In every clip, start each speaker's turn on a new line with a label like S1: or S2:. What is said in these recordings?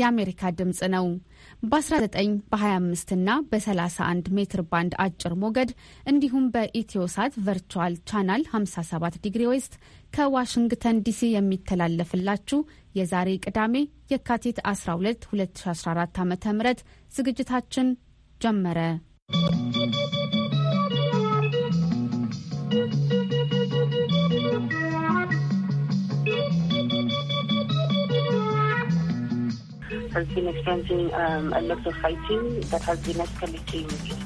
S1: የአሜሪካ ድምፅ ነው። በ19 በ25 እና በ31 ሜትር ባንድ አጭር ሞገድ እንዲሁም በኢትዮሳት ቨርቹዋል ቻናል 57 ዲግሪ ዌስት ከዋሽንግተን ዲሲ የሚተላለፍላችሁ የዛሬ ቅዳሜ የካቲት 12 2014 ዓ ም ዝግጅታችን ጀመረ።
S2: Um,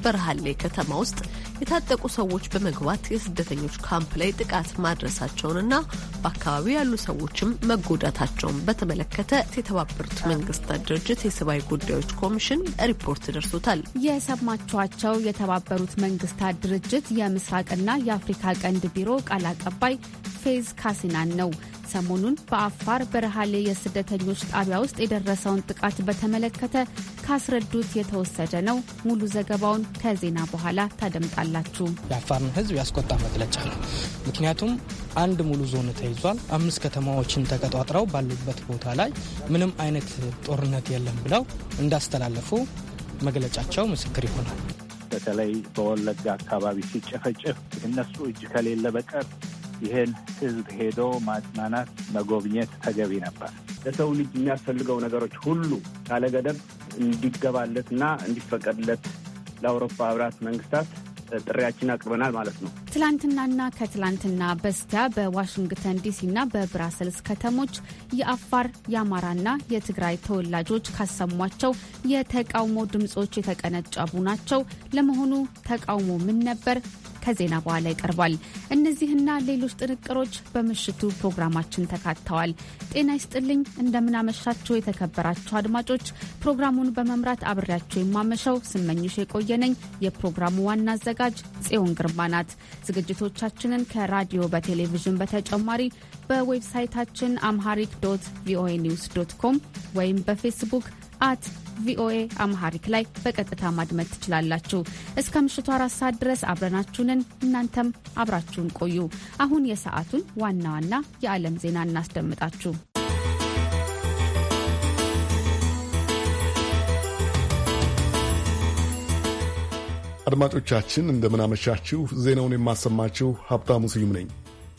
S3: በርሃሌ ከተማ ውስጥ የታጠቁ ሰዎች በመግባት የስደተኞች ካምፕ ላይ ጥቃት ማድረሳቸውንና በአካባቢው ያሉ ሰዎችም መጎዳታቸውን በተመለከተ የተባበሩት መንግስታት ድርጅት የሰብአዊ ጉዳዮች ኮሚሽን ሪፖርት ደርሶታል።
S1: የሰማችኋቸው የተባበሩት መንግስታት ድርጅት የምስራቅና የአፍሪካ ቀንድ ቢሮ ቃል አቀባይ ፌዝ ካሲናን ነው። ሰሞኑን በአፋር በረሃሌ የስደተኞች ጣቢያ ውስጥ የደረሰውን ጥቃት በተመለከተ ካስረዱት የተወሰደ ነው። ሙሉ ዘገባውን ከዜና በኋላ ታደምጣላችሁ።
S4: የአፋርን ሕዝብ ያስቆጣ መግለጫ ነው። ምክንያቱም አንድ ሙሉ ዞን ተይዟል። አምስት ከተማዎችን ተቀጣጥረው ባሉበት ቦታ ላይ ምንም አይነት ጦርነት የለም ብለው እንዳስተላለፉ መግለጫቸው ምስክር ይሆናል።
S5: በተለይ በወለጋ አካባቢ ሲጨፈጨፍ እነሱ እጅ ከሌለ በቀር ይሄን ህዝብ ሄዶ ማጽናናት፣ መጎብኘት ተገቢ ነበር። ለሰው ልጅ የሚያስፈልገው ነገሮች ሁሉ ካለገደብ እንዲገባለት እና እንዲፈቀድለት
S2: ለአውሮፓ ህብረት መንግስታት ጥሪያችን አቅርበናል ማለት ነው።
S1: ትላንትናና ከትላንትና በስቲያ በዋሽንግተን ዲሲና በብራሰልስ ከተሞች የአፋር የአማራና የትግራይ ተወላጆች ካሰሟቸው የተቃውሞ ድምጾች የተቀነጨቡ ናቸው። ለመሆኑ ተቃውሞ ምን ነበር? ከዜና በኋላ ይቀርባል። እነዚህና ሌሎች ጥንቅሮች በምሽቱ ፕሮግራማችን ተካተዋል። ጤና ይስጥልኝ፣ እንደምናመሻችሁ የተከበራችሁ አድማጮች። ፕሮግራሙን በመምራት አብሬያችሁ የማመሸው ስመኝሽ የቆየነኝ። የፕሮግራሙ ዋና አዘጋጅ ጽዮን ግርማ ናት። ዝግጅቶቻችንን ከራዲዮ በቴሌቪዥን በተጨማሪ በዌብሳይታችን አምሃሪክ ዶት ቪኦኤ ኒውስ ዶት ኮም ወይም በፌስቡክ አት ቪኦኤ አምሃሪክ ላይ በቀጥታ ማድመጥ ትችላላችሁ። እስከ ምሽቱ አራት ሰዓት ድረስ አብረናችሁንን እናንተም አብራችሁን ቆዩ። አሁን የሰዓቱን ዋና ዋና የዓለም ዜና እናስደምጣችሁ።
S6: አድማጮቻችን እንደምናመሻችሁ፣ ዜናውን የማሰማችሁ ሀብታሙ ስዩም ነኝ።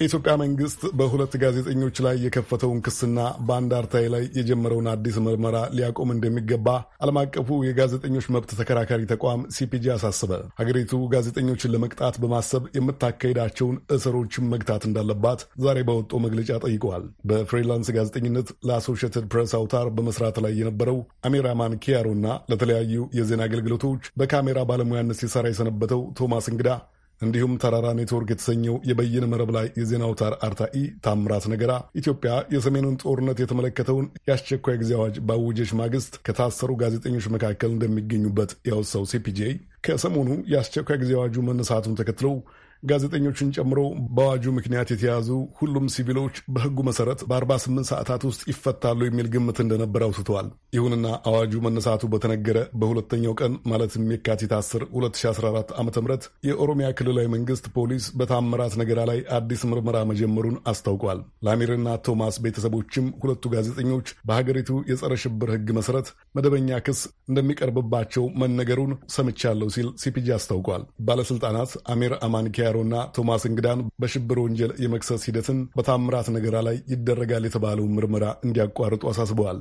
S6: የኢትዮጵያ መንግስት በሁለት ጋዜጠኞች ላይ የከፈተውን ክስና በአንድ አርታይ ላይ የጀመረውን አዲስ ምርመራ ሊያቆም እንደሚገባ ዓለም አቀፉ የጋዜጠኞች መብት ተከራካሪ ተቋም ሲፒጂ አሳስበ። ሀገሪቱ ጋዜጠኞችን ለመቅጣት በማሰብ የምታካሄዳቸውን እስሮችን መግታት እንዳለባት ዛሬ በወጣው መግለጫ ጠይቀዋል። በፍሪላንስ ጋዜጠኝነት ለአሶሽትድ ፕሬስ አውታር በመስራት ላይ የነበረው ኪያሮ ኪያሮና ለተለያዩ የዜና አገልግሎቶች በካሜራ ባለሙያነት ሲሰራ የሰነበተው ቶማስ እንግዳ እንዲሁም ተራራ ኔትወርክ የተሰኘው የበይነ መረብ ላይ የዜና አውታር አርታኢ ታምራት ነገራ ኢትዮጵያ የሰሜኑን ጦርነት የተመለከተውን የአስቸኳይ ጊዜ አዋጅ ባወጀች ማግስት ከታሰሩ ጋዜጠኞች መካከል እንደሚገኙበት ያወሳው ሲፒጄ ከሰሞኑ የአስቸኳይ ጊዜ አዋጁ መነሳቱን ተከትለው ጋዜጠኞችን ጨምሮ በአዋጁ ምክንያት የተያዙ ሁሉም ሲቪሎች በሕጉ መሰረት በ48 ሰዓታት ውስጥ ይፈታሉ የሚል ግምት እንደነበረ አውስተዋል። ይሁንና አዋጁ መነሳቱ በተነገረ በሁለተኛው ቀን ማለትም የካቲት 10 2014 ዓ ም የኦሮሚያ ክልላዊ መንግስት ፖሊስ በታምራት ነገራ ላይ አዲስ ምርመራ መጀመሩን አስታውቋል። ላሚርና ቶማስ ቤተሰቦችም ሁለቱ ጋዜጠኞች በሀገሪቱ የጸረ ሽብር ሕግ መሰረት መደበኛ ክስ እንደሚቀርብባቸው መነገሩን ሰምቻለሁ ሲል ሲፒጂ አስታውቋል። ባለሥልጣናት አሚር አማን ኪያ ያሮና ቶማስ እንግዳን በሽብር ወንጀል የመክሰስ ሂደትን በታምራት ነገራ ላይ ይደረጋል የተባለውን ምርመራ እንዲያቋርጡ አሳስበዋል።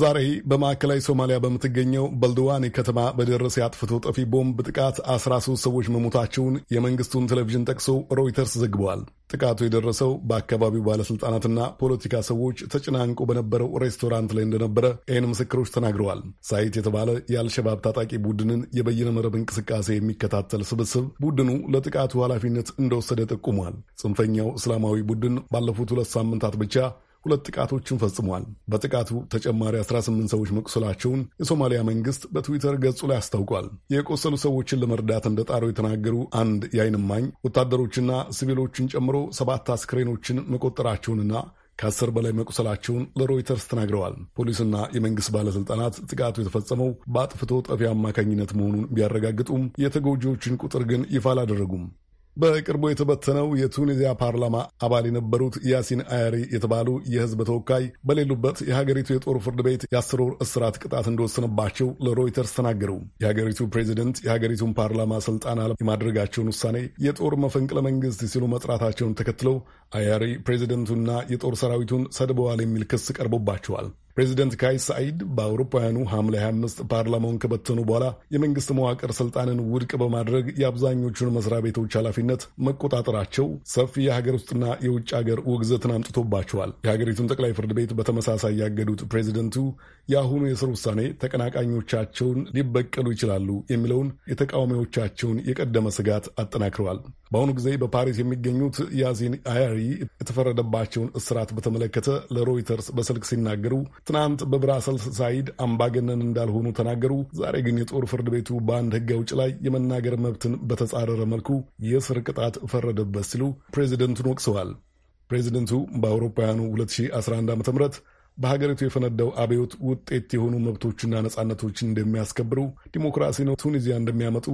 S6: ዛሬ በማዕከላዊ ሶማሊያ በምትገኘው በልድዋኔ ከተማ በደረሰ የአጥፍቶ ጠፊ ቦምብ ጥቃት 13 ሰዎች መሞታቸውን የመንግስቱን ቴሌቪዥን ጠቅሶ ሮይተርስ ዘግበዋል። ጥቃቱ የደረሰው በአካባቢው ባለስልጣናትና ፖለቲካ ሰዎች ተጨናንቆ በነበረው ሬስቶራንት ላይ እንደነበረ ይህን ምስክሮች ተናግረዋል። ሳይት የተባለ የአልሸባብ ታጣቂ ቡድንን የበይነ መረብ እንቅስቃሴ የሚከታተል ስብስብ ቡድኑ ለጥቃቱ ኃላፊነት እንደወሰደ ጠቁሟል። ጽንፈኛው እስላማዊ ቡድን ባለፉት ሁለት ሳምንታት ብቻ ሁለት ጥቃቶችን ፈጽሟል። በጥቃቱ ተጨማሪ 18 ሰዎች መቁሰላቸውን የሶማሊያ መንግስት በትዊተር ገጹ ላይ አስታውቋል። የቆሰሉ ሰዎችን ለመርዳት እንደጣሩ የተናገሩ አንድ የዓይን እማኝ ወታደሮችና ሲቪሎችን ጨምሮ ሰባት አስክሬኖችን መቆጠራቸውንና ከአስር በላይ መቁሰላቸውን ለሮይተርስ ተናግረዋል። ፖሊስና የመንግስት ባለሥልጣናት ጥቃቱ የተፈጸመው በአጥፍቶ ጠፊ አማካኝነት መሆኑን ቢያረጋግጡም የተጎጂዎችን ቁጥር ግን ይፋ አላደረጉም። በቅርቡ የተበተነው የቱኒዚያ ፓርላማ አባል የነበሩት ያሲን አያሪ የተባሉ የህዝብ ተወካይ በሌሉበት የሀገሪቱ የጦር ፍርድ ቤት የአስር ወር እስራት ቅጣት እንደወሰነባቸው ለሮይተርስ ተናገሩ። የሀገሪቱ ፕሬዚደንት የሀገሪቱን ፓርላማ ስልጣን የማድረጋቸውን ውሳኔ የጦር መፈንቅለ መንግስት ሲሉ መጥራታቸውን ተከትለው አያሪ ፕሬዚደንቱና የጦር ሰራዊቱን ሰድበዋል የሚል ክስ ቀርቦባቸዋል። ፕሬዚደንት ካይ ሳኢድ በአውሮፓውያኑ ሐምሌ 25 ፓርላማውን ከበተኑ በኋላ የመንግሥት መዋቅር ሥልጣንን ውድቅ በማድረግ የአብዛኞቹን መስሪያ ቤቶች ኃላፊነት መቆጣጠራቸው ሰፊ የሀገር ውስጥና የውጭ ሀገር ውግዘትን አምጥቶባቸዋል። የሀገሪቱን ጠቅላይ ፍርድ ቤት በተመሳሳይ ያገዱት ፕሬዚደንቱ የአሁኑ የስር ውሳኔ ተቀናቃኞቻቸውን ሊበቀሉ ይችላሉ የሚለውን የተቃዋሚዎቻቸውን የቀደመ ስጋት አጠናክረዋል። በአሁኑ ጊዜ በፓሪስ የሚገኙት ያሲን አያሪ የተፈረደባቸውን እስራት በተመለከተ ለሮይተርስ በስልክ ሲናገሩ ትናንት በብራሰልስ ሳይድ አምባገነን እንዳልሆኑ ተናገሩ። ዛሬ ግን የጦር ፍርድ ቤቱ በአንድ ሕግ አውጭ ላይ የመናገር መብትን በተጻረረ መልኩ የእስር ቅጣት ፈረደበት ሲሉ ፕሬዚደንቱን ወቅሰዋል። ፕሬዚደንቱ በአውሮፓውያኑ 2011 ዓ ም በሀገሪቱ የፈነዳው አብዮት ውጤት የሆኑ መብቶችና ነጻነቶችን እንደሚያስከብሩ ዲሞክራሲ ነው ቱኒዚያ እንደሚያመጡ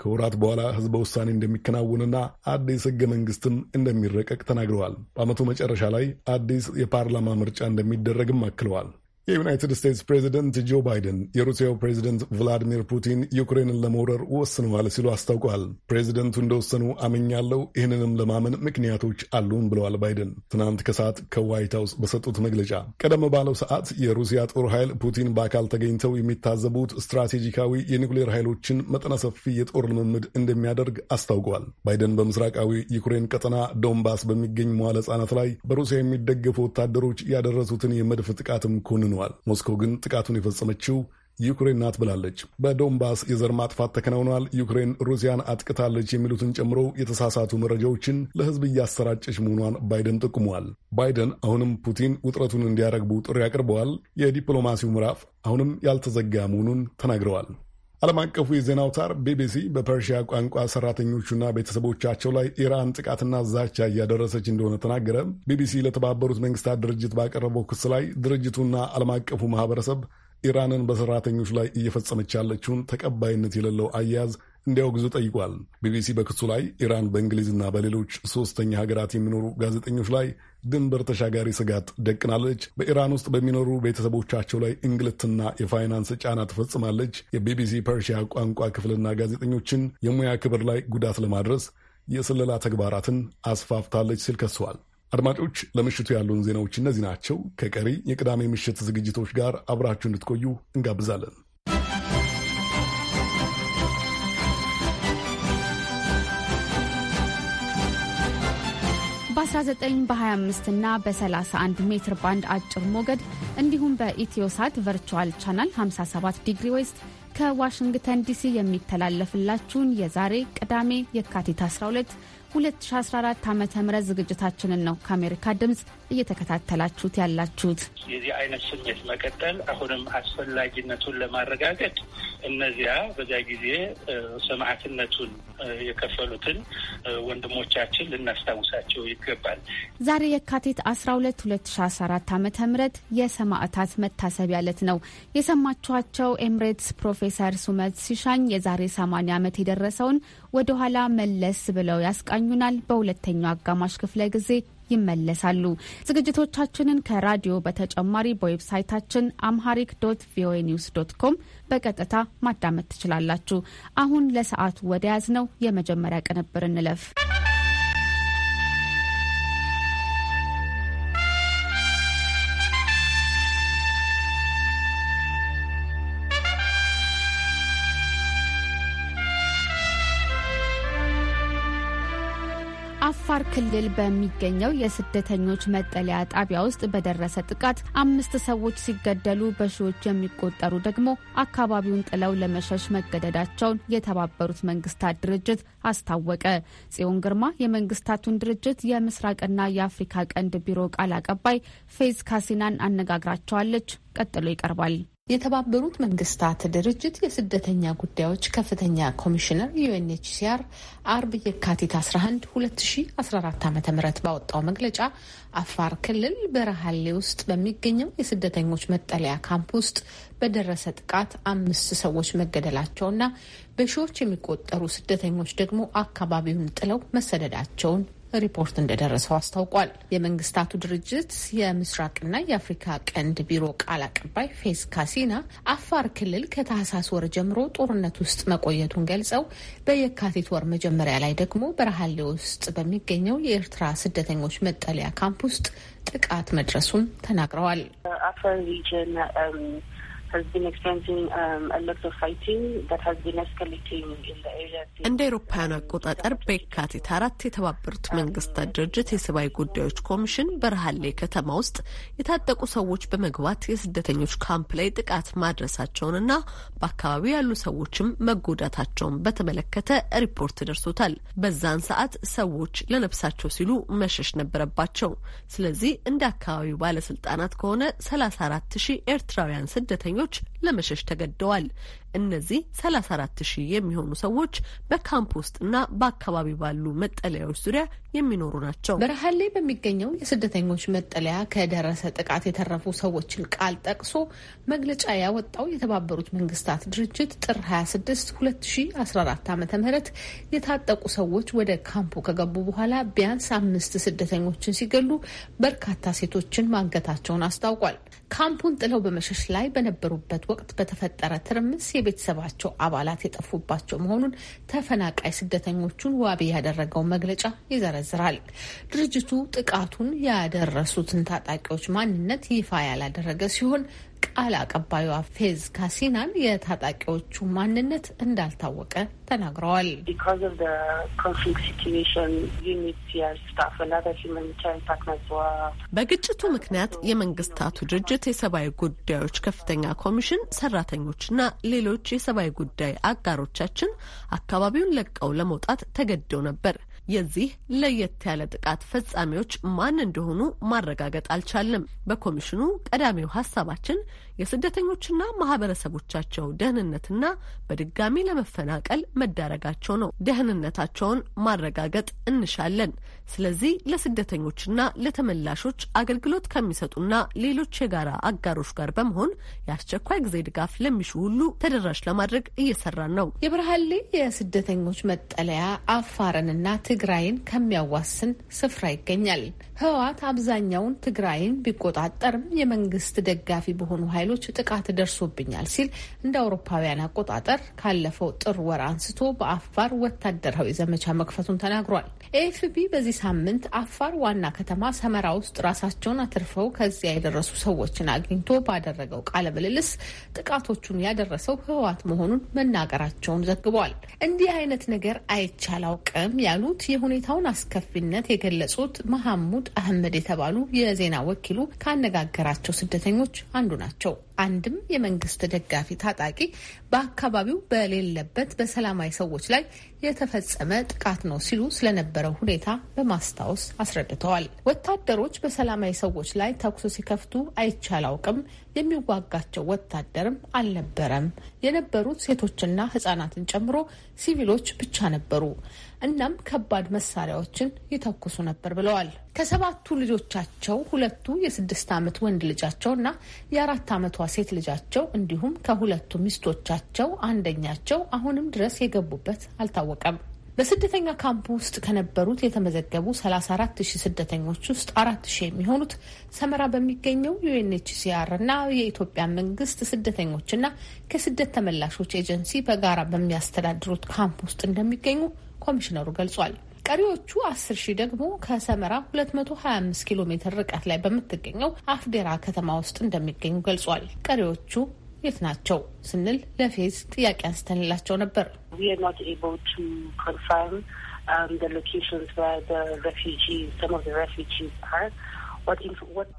S6: ከወራት በኋላ ህዝበ ውሳኔ እንደሚከናወንና አዲስ ህገ መንግስትም እንደሚረቀቅ ተናግረዋል። በዓመቱ መጨረሻ ላይ አዲስ የፓርላማ ምርጫ እንደሚደረግም አክለዋል። የዩናይትድ ስቴትስ ፕሬዚደንት ጆ ባይደን የሩሲያው ፕሬዚደንት ቭላዲሚር ፑቲን ዩክሬንን ለመውረር ወስነዋል ሲሉ አስታውቋል። ፕሬዚደንቱ እንደወሰኑ አምኛለሁ፣ ይህንንም ለማመን ምክንያቶች አሉን ብለዋል ባይደን ትናንት ከሰዓት ከዋይት ሀውስ በሰጡት መግለጫ። ቀደም ባለው ሰዓት የሩሲያ ጦር ኃይል ፑቲን በአካል ተገኝተው የሚታዘቡት ስትራቴጂካዊ የኒውክሌር ኃይሎችን መጠነ ሰፊ የጦር ልምምድ እንደሚያደርግ አስታውቋል። ባይደን በምስራቃዊ ዩክሬን ቀጠና ዶንባስ በሚገኝ መዋለ ሕጻናት ላይ በሩሲያ የሚደገፉ ወታደሮች ያደረሱትን የመድፍ ጥቃትም ኮንን ኮንኗል። ሞስኮ ግን ጥቃቱን የፈጸመችው ዩክሬን ናት ብላለች። በዶንባስ የዘር ማጥፋት ተከናውኗል፣ ዩክሬን ሩሲያን አጥቅታለች የሚሉትን ጨምሮ የተሳሳቱ መረጃዎችን ለሕዝብ እያሰራጨች መሆኗን ባይደን ጠቁመዋል። ባይደን አሁንም ፑቲን ውጥረቱን እንዲያረግቡ ጥሪ አቅርበዋል። የዲፕሎማሲው ምዕራፍ አሁንም ያልተዘጋ መሆኑን ተናግረዋል። ዓለም አቀፉ የዜና አውታር ቢቢሲ በፐርሺያ ቋንቋ ሰራተኞቹና ቤተሰቦቻቸው ላይ ኢራን ጥቃትና ዛቻ እያደረሰች እንደሆነ ተናገረ። ቢቢሲ ለተባበሩት መንግስታት ድርጅት ባቀረበው ክስ ላይ ድርጅቱና ዓለም አቀፉ ማህበረሰብ ኢራንን በሰራተኞች ላይ እየፈጸመች ያለችውን ተቀባይነት የሌለው አያያዝ እንዲያወግዙ ጠይቋል። ቢቢሲ በክሱ ላይ ኢራን በእንግሊዝና በሌሎች ሶስተኛ ሀገራት የሚኖሩ ጋዜጠኞች ላይ ድንበር ተሻጋሪ ስጋት ደቅናለች፣ በኢራን ውስጥ በሚኖሩ ቤተሰቦቻቸው ላይ እንግልትና የፋይናንስ ጫና ትፈጽማለች፣ የቢቢሲ ፐርሺያ ቋንቋ ክፍልና ጋዜጠኞችን የሙያ ክብር ላይ ጉዳት ለማድረስ የስለላ ተግባራትን አስፋፍታለች ሲል ከሷል። አድማጮች፣ ለምሽቱ ያሉን ዜናዎች እነዚህ ናቸው። ከቀሪ የቅዳሜ ምሽት ዝግጅቶች ጋር አብራችሁ እንድትቆዩ እንጋብዛለን።
S1: በ19 በ25 እና በ31 ሜትር ባንድ አጭር ሞገድ እንዲሁም በኢትዮሳት ቨርቹዋል ቻናል 57 ዲግሪ ዌስት ከዋሽንግተን ዲሲ የሚተላለፍላችሁን የዛሬ ቅዳሜ የካቲት 12 2014 ዓ ም ዝግጅታችንን ነው ከአሜሪካ ድምፅ እየተከታተላችሁት ያላችሁት።
S7: የዚህ አይነት ስሜት መቀጠል አሁንም አስፈላጊነቱን ለማረጋገጥ እነዚያ በዚያ ጊዜ ሰማዕትነቱን የከፈሉትን ወንድሞቻችን ልናስታውሳቸው ይገባል።
S1: ዛሬ የካቲት 12 2014 ዓ ም የሰማዕታት መታሰቢያ ዕለት ነው። የሰማችኋቸው ኤምሬትስ ፕሮፌሰር ሱመት ሲሻኝ የዛሬ 80 ዓመት የደረሰውን ወደ ኋላ መለስ ብለው ያስቃኙናል። በሁለተኛው አጋማሽ ክፍለ ጊዜ ይመለሳሉ። ዝግጅቶቻችንን ከራዲዮ በተጨማሪ በዌብሳይታችን አምሃሪክ ዶት ቪኦኤ ኒውስ ዶት ኮም በቀጥታ ማዳመጥ ትችላላችሁ። አሁን ለሰዓቱ ወደ ያዝ ነው የመጀመሪያ ቅንብር እንለፍ። አፋር ክልል በሚገኘው የስደተኞች መጠለያ ጣቢያ ውስጥ በደረሰ ጥቃት አምስት ሰዎች ሲገደሉ በሺዎች የሚቆጠሩ ደግሞ አካባቢውን ጥለው ለመሸሽ መገደዳቸውን የተባበሩት መንግስታት ድርጅት አስታወቀ። ጽዮን ግርማ የመንግስታቱን ድርጅት የምስራቅና የአፍሪካ ቀንድ ቢሮ ቃል አቀባይ ፌዝ ካሲናን አነጋግራቸዋለች። ቀጥሎ ይቀርባል። የተባበሩት መንግስታት ድርጅት የስደተኛ ጉዳዮች ከፍተኛ
S8: ኮሚሽነር ዩኤንኤችሲአር አርብ የካቲት 11 2014 ዓ ም ባወጣው መግለጫ አፋር ክልል በረሃሌ ውስጥ በሚገኘው የስደተኞች መጠለያ ካምፕ ውስጥ በደረሰ ጥቃት አምስት ሰዎች መገደላቸውና በሺዎች የሚቆጠሩ ስደተኞች ደግሞ አካባቢውን ጥለው መሰደዳቸውን ሪፖርት እንደደረሰው አስታውቋል። የመንግስታቱ ድርጅት የምስራቅና የአፍሪካ ቀንድ ቢሮ ቃል አቀባይ ፌስ ካሲና አፋር ክልል ከታህሳስ ወር ጀምሮ ጦርነት ውስጥ መቆየቱን ገልጸው በየካቲት ወር መጀመሪያ ላይ ደግሞ በረሃሌ ውስጥ በሚገኘው የኤርትራ ስደተኞች መጠለያ ካምፕ ውስጥ ጥቃት መድረሱን ተናግረዋል።
S2: uh, Um,
S3: እንደ አውሮፓውያኑ አቆጣጠር በየካቲት አራት የተባበሩት um, መንግስታት ድርጅት የሰብአዊ ጉዳዮች ኮሚሽን በረሃሌ ከተማ ውስጥ የታጠቁ ሰዎች በመግባት የስደተኞች ካምፕ ላይ ጥቃት ማድረሳቸውንና በአካባቢው ያሉ ሰዎችም መጎዳታቸውን በተመለከተ ሪፖርት ደርሶታል። በዛን ሰዓት ሰዎች ለነፍሳቸው ሲሉ መሸሽ ነበረባቸው። ስለዚህ እንደ አካባቢው ባለስልጣናት ከሆነ ሰላሳ አራት ሺህ ኤርትራውያን ስደተኞች Luch ለመሸሽ ተገደዋል። እነዚህ 34 ሺህ የሚሆኑ ሰዎች በካምፕ ውስጥና በአካባቢ ባሉ መጠለያዎች ዙሪያ የሚኖሩ ናቸው። በረሃሌ በሚገኘው
S8: የስደተኞች መጠለያ ከደረሰ ጥቃት የተረፉ ሰዎችን ቃል ጠቅሶ መግለጫ ያወጣው የተባበሩት መንግስታት ድርጅት ጥር 26 2014 ዓ ም የታጠቁ ሰዎች ወደ ካምፑ ከገቡ በኋላ ቢያንስ አምስት ስደተኞችን ሲገሉ በርካታ ሴቶችን ማገታቸውን አስታውቋል። ካምፑን ጥለው በመሸሽ ላይ በነበሩበት ወቅት በተፈጠረ ትርምስ የቤተሰባቸው አባላት የጠፉባቸው መሆኑን ተፈናቃይ ስደተኞቹን ዋቢ ያደረገው መግለጫ ይዘረዝራል። ድርጅቱ ጥቃቱን ያደረሱትን ታጣቂዎች ማንነት ይፋ ያላደረገ ሲሆን ቃል አቀባዩ ፌዝ ካሲናን የታጣቂዎቹ ማንነት እንዳልታወቀ
S3: ተናግረዋል። በግጭቱ ምክንያት የመንግስታቱ ድርጅት የሰብአዊ ጉዳዮች ከፍተኛ ኮሚሽን ሰራተኞችና ሌሎች የሰብአዊ ጉዳይ አጋሮቻችን አካባቢውን ለቀው ለመውጣት ተገደው ነበር። የዚህ ለየት ያለ ጥቃት ፈጻሚዎች ማን እንደሆኑ ማረጋገጥ አልቻልንም። በኮሚሽኑ ቀዳሚው ሀሳባችን የስደተኞችና ማህበረሰቦቻቸው ደህንነትና በድጋሚ ለመፈናቀል መዳረጋቸው ነው። ደህንነታቸውን ማረጋገጥ እንሻለን። ስለዚህ ለስደተኞችና ለተመላሾች አገልግሎት ከሚሰጡና ሌሎች የጋራ አጋሮች ጋር በመሆን የአስቸኳይ ጊዜ ድጋፍ ለሚሹ ሁሉ ተደራሽ ለማድረግ እየሰራን ነው።
S8: የብርሃሌ የስደተኞች መጠለያ አፋርንና ትግራይን ከሚያዋስን ስፍራ ይገኛል። ህወሓት አብዛኛውን ትግራይን ቢቆጣጠርም የመንግስት ደጋፊ በሆኑ ኃይሎች ጥቃት ደርሶብኛል ሲል እንደ አውሮፓውያን አቆጣጠር ካለፈው ጥር ወር አንስቶ በአፋር ወታደራዊ ዘመቻ መክፈቱን ተናግሯል። ኤኤፍፒ በዚህ ሳምንት አፋር ዋና ከተማ ሰመራ ውስጥ ራሳቸውን አትርፈው ከዚያ የደረሱ ሰዎችን አግኝቶ ባደረገው ቃለ ምልልስ ጥቃቶቹን ያደረሰው ህወሓት መሆኑን መናገራቸውን ዘግቧል። እንዲህ አይነት ነገር አይቻል አውቅም ያሉት የሁኔታውን አስከፊነት የገለጹት መሐሙድ አህመድ የተባሉ የዜና ወኪሉ ካነጋገራቸው ስደተኞች አንዱ ናቸው። አንድም የመንግስት ደጋፊ ታጣቂ በአካባቢው በሌለበት በሰላማዊ ሰዎች ላይ የተፈጸመ ጥቃት ነው ሲሉ ስለነበረው ሁኔታ በማስታወስ አስረድተዋል። ወታደሮች በሰላማዊ ሰዎች ላይ ተኩስ ሲከፍቱ አይቼ አላውቅም። የሚዋጋቸው ወታደርም አልነበረም። የነበሩት ሴቶችና ህጻናትን ጨምሮ ሲቪሎች ብቻ ነበሩ። እናም ከባድ መሳሪያዎችን ይተኩሱ ነበር ብለዋል። ከሰባቱ ልጆቻቸው ሁለቱ የስድስት ዓመት ወንድ ልጃቸውና የአራት ዓመቷ ሴት ልጃቸው እንዲሁም ከሁለቱ ሚስቶቻቸው አንደኛቸው አሁንም ድረስ የገቡበት አልታወቀም። በስደተኛ ካምፕ ውስጥ ከነበሩት የተመዘገቡ 34 ሺህ ስደተኞች ውስጥ 4 ሺህ የሚሆኑት ሰመራ በሚገኘው ዩኤንኤችሲአር እና የኢትዮጵያ መንግስት ስደተኞችና ከስደት ተመላሾች ኤጀንሲ በጋራ በሚያስተዳድሩት ካምፕ ውስጥ እንደሚገኙ ኮሚሽነሩ ገልጿል። ቀሪዎቹ 10 ሺህ ደግሞ ከሰመራ 225 ኪሎ ሜትር ርቀት ላይ በምትገኘው አፍዴራ ከተማ ውስጥ እንደሚገኙ ገልጿል። ቀሪዎቹ የት ናቸው ስንል ለፌዝ ጥያቄ አንስተንላቸው ነበር።
S2: um,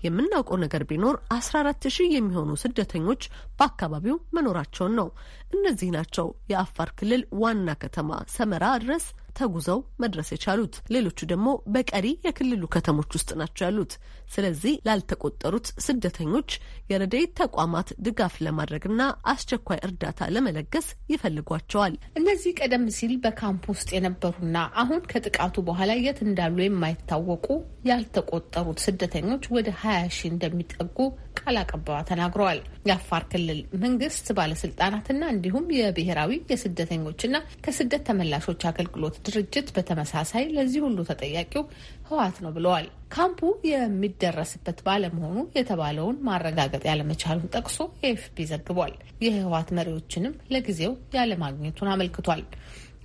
S3: የምናውቀው ነገር ቢኖር አስራ አራት ሺህ የሚሆኑ ስደተኞች በአካባቢው መኖራቸውን ነው። እነዚህ ናቸው የአፋር ክልል ዋና ከተማ ሰመራ ድረስ ተጉዘው መድረስ የቻሉት ሌሎቹ ደግሞ በቀሪ የክልሉ ከተሞች ውስጥ ናቸው ያሉት። ስለዚህ ላልተቆጠሩት ስደተኞች የረድኤት ተቋማት ድጋፍ ለማድረግና አስቸኳይ እርዳታ ለመለገስ ይፈልጓቸዋል። እነዚህ
S8: ቀደም ሲል በካምፕ ውስጥ የነበሩና አሁን ከጥቃቱ በኋላ የት እንዳሉ የማይታወቁ ያልተቆጠሩት ስደተኞች ወደ ሀያ ሺ እንደሚጠጉ ቃል አቀባዋ ተናግረዋል። የአፋር ክልል መንግስት ባለስልጣናትና እንዲሁም የብሔራዊ የስደተኞችና ከስደት ተመላሾች አገልግሎት ድርጅት በተመሳሳይ ለዚህ ሁሉ ተጠያቂው ህወሓት ነው ብለዋል። ካምፑ የሚደረስበት ባለመሆኑ የተባለውን ማረጋገጥ ያለመቻሉን ጠቅሶ ኤፍፒ ዘግቧል። የህወሓት መሪዎችንም ለጊዜው ያለማግኘቱን አመልክቷል።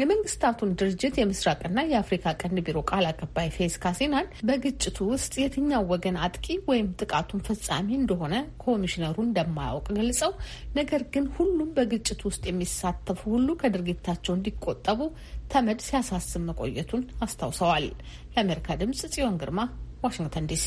S8: የመንግስታቱን ድርጅት የምስራቅና የአፍሪካ ቀንድ ቢሮ ቃል አቀባይ ፌዝ ካሲናን በግጭቱ ውስጥ የትኛው ወገን አጥቂ ወይም ጥቃቱን ፈጻሚ እንደሆነ ኮሚሽነሩ እንደማያውቅ ገልጸው፣ ነገር ግን ሁሉም በግጭቱ ውስጥ የሚሳተፉ ሁሉ ከድርጊታቸው እንዲቆጠቡ ተመድ ሲያሳስብ መቆየቱን አስታውሰዋል። ለአሜሪካ ድምጽ ጽዮን ግርማ ዋሽንግተን ዲሲ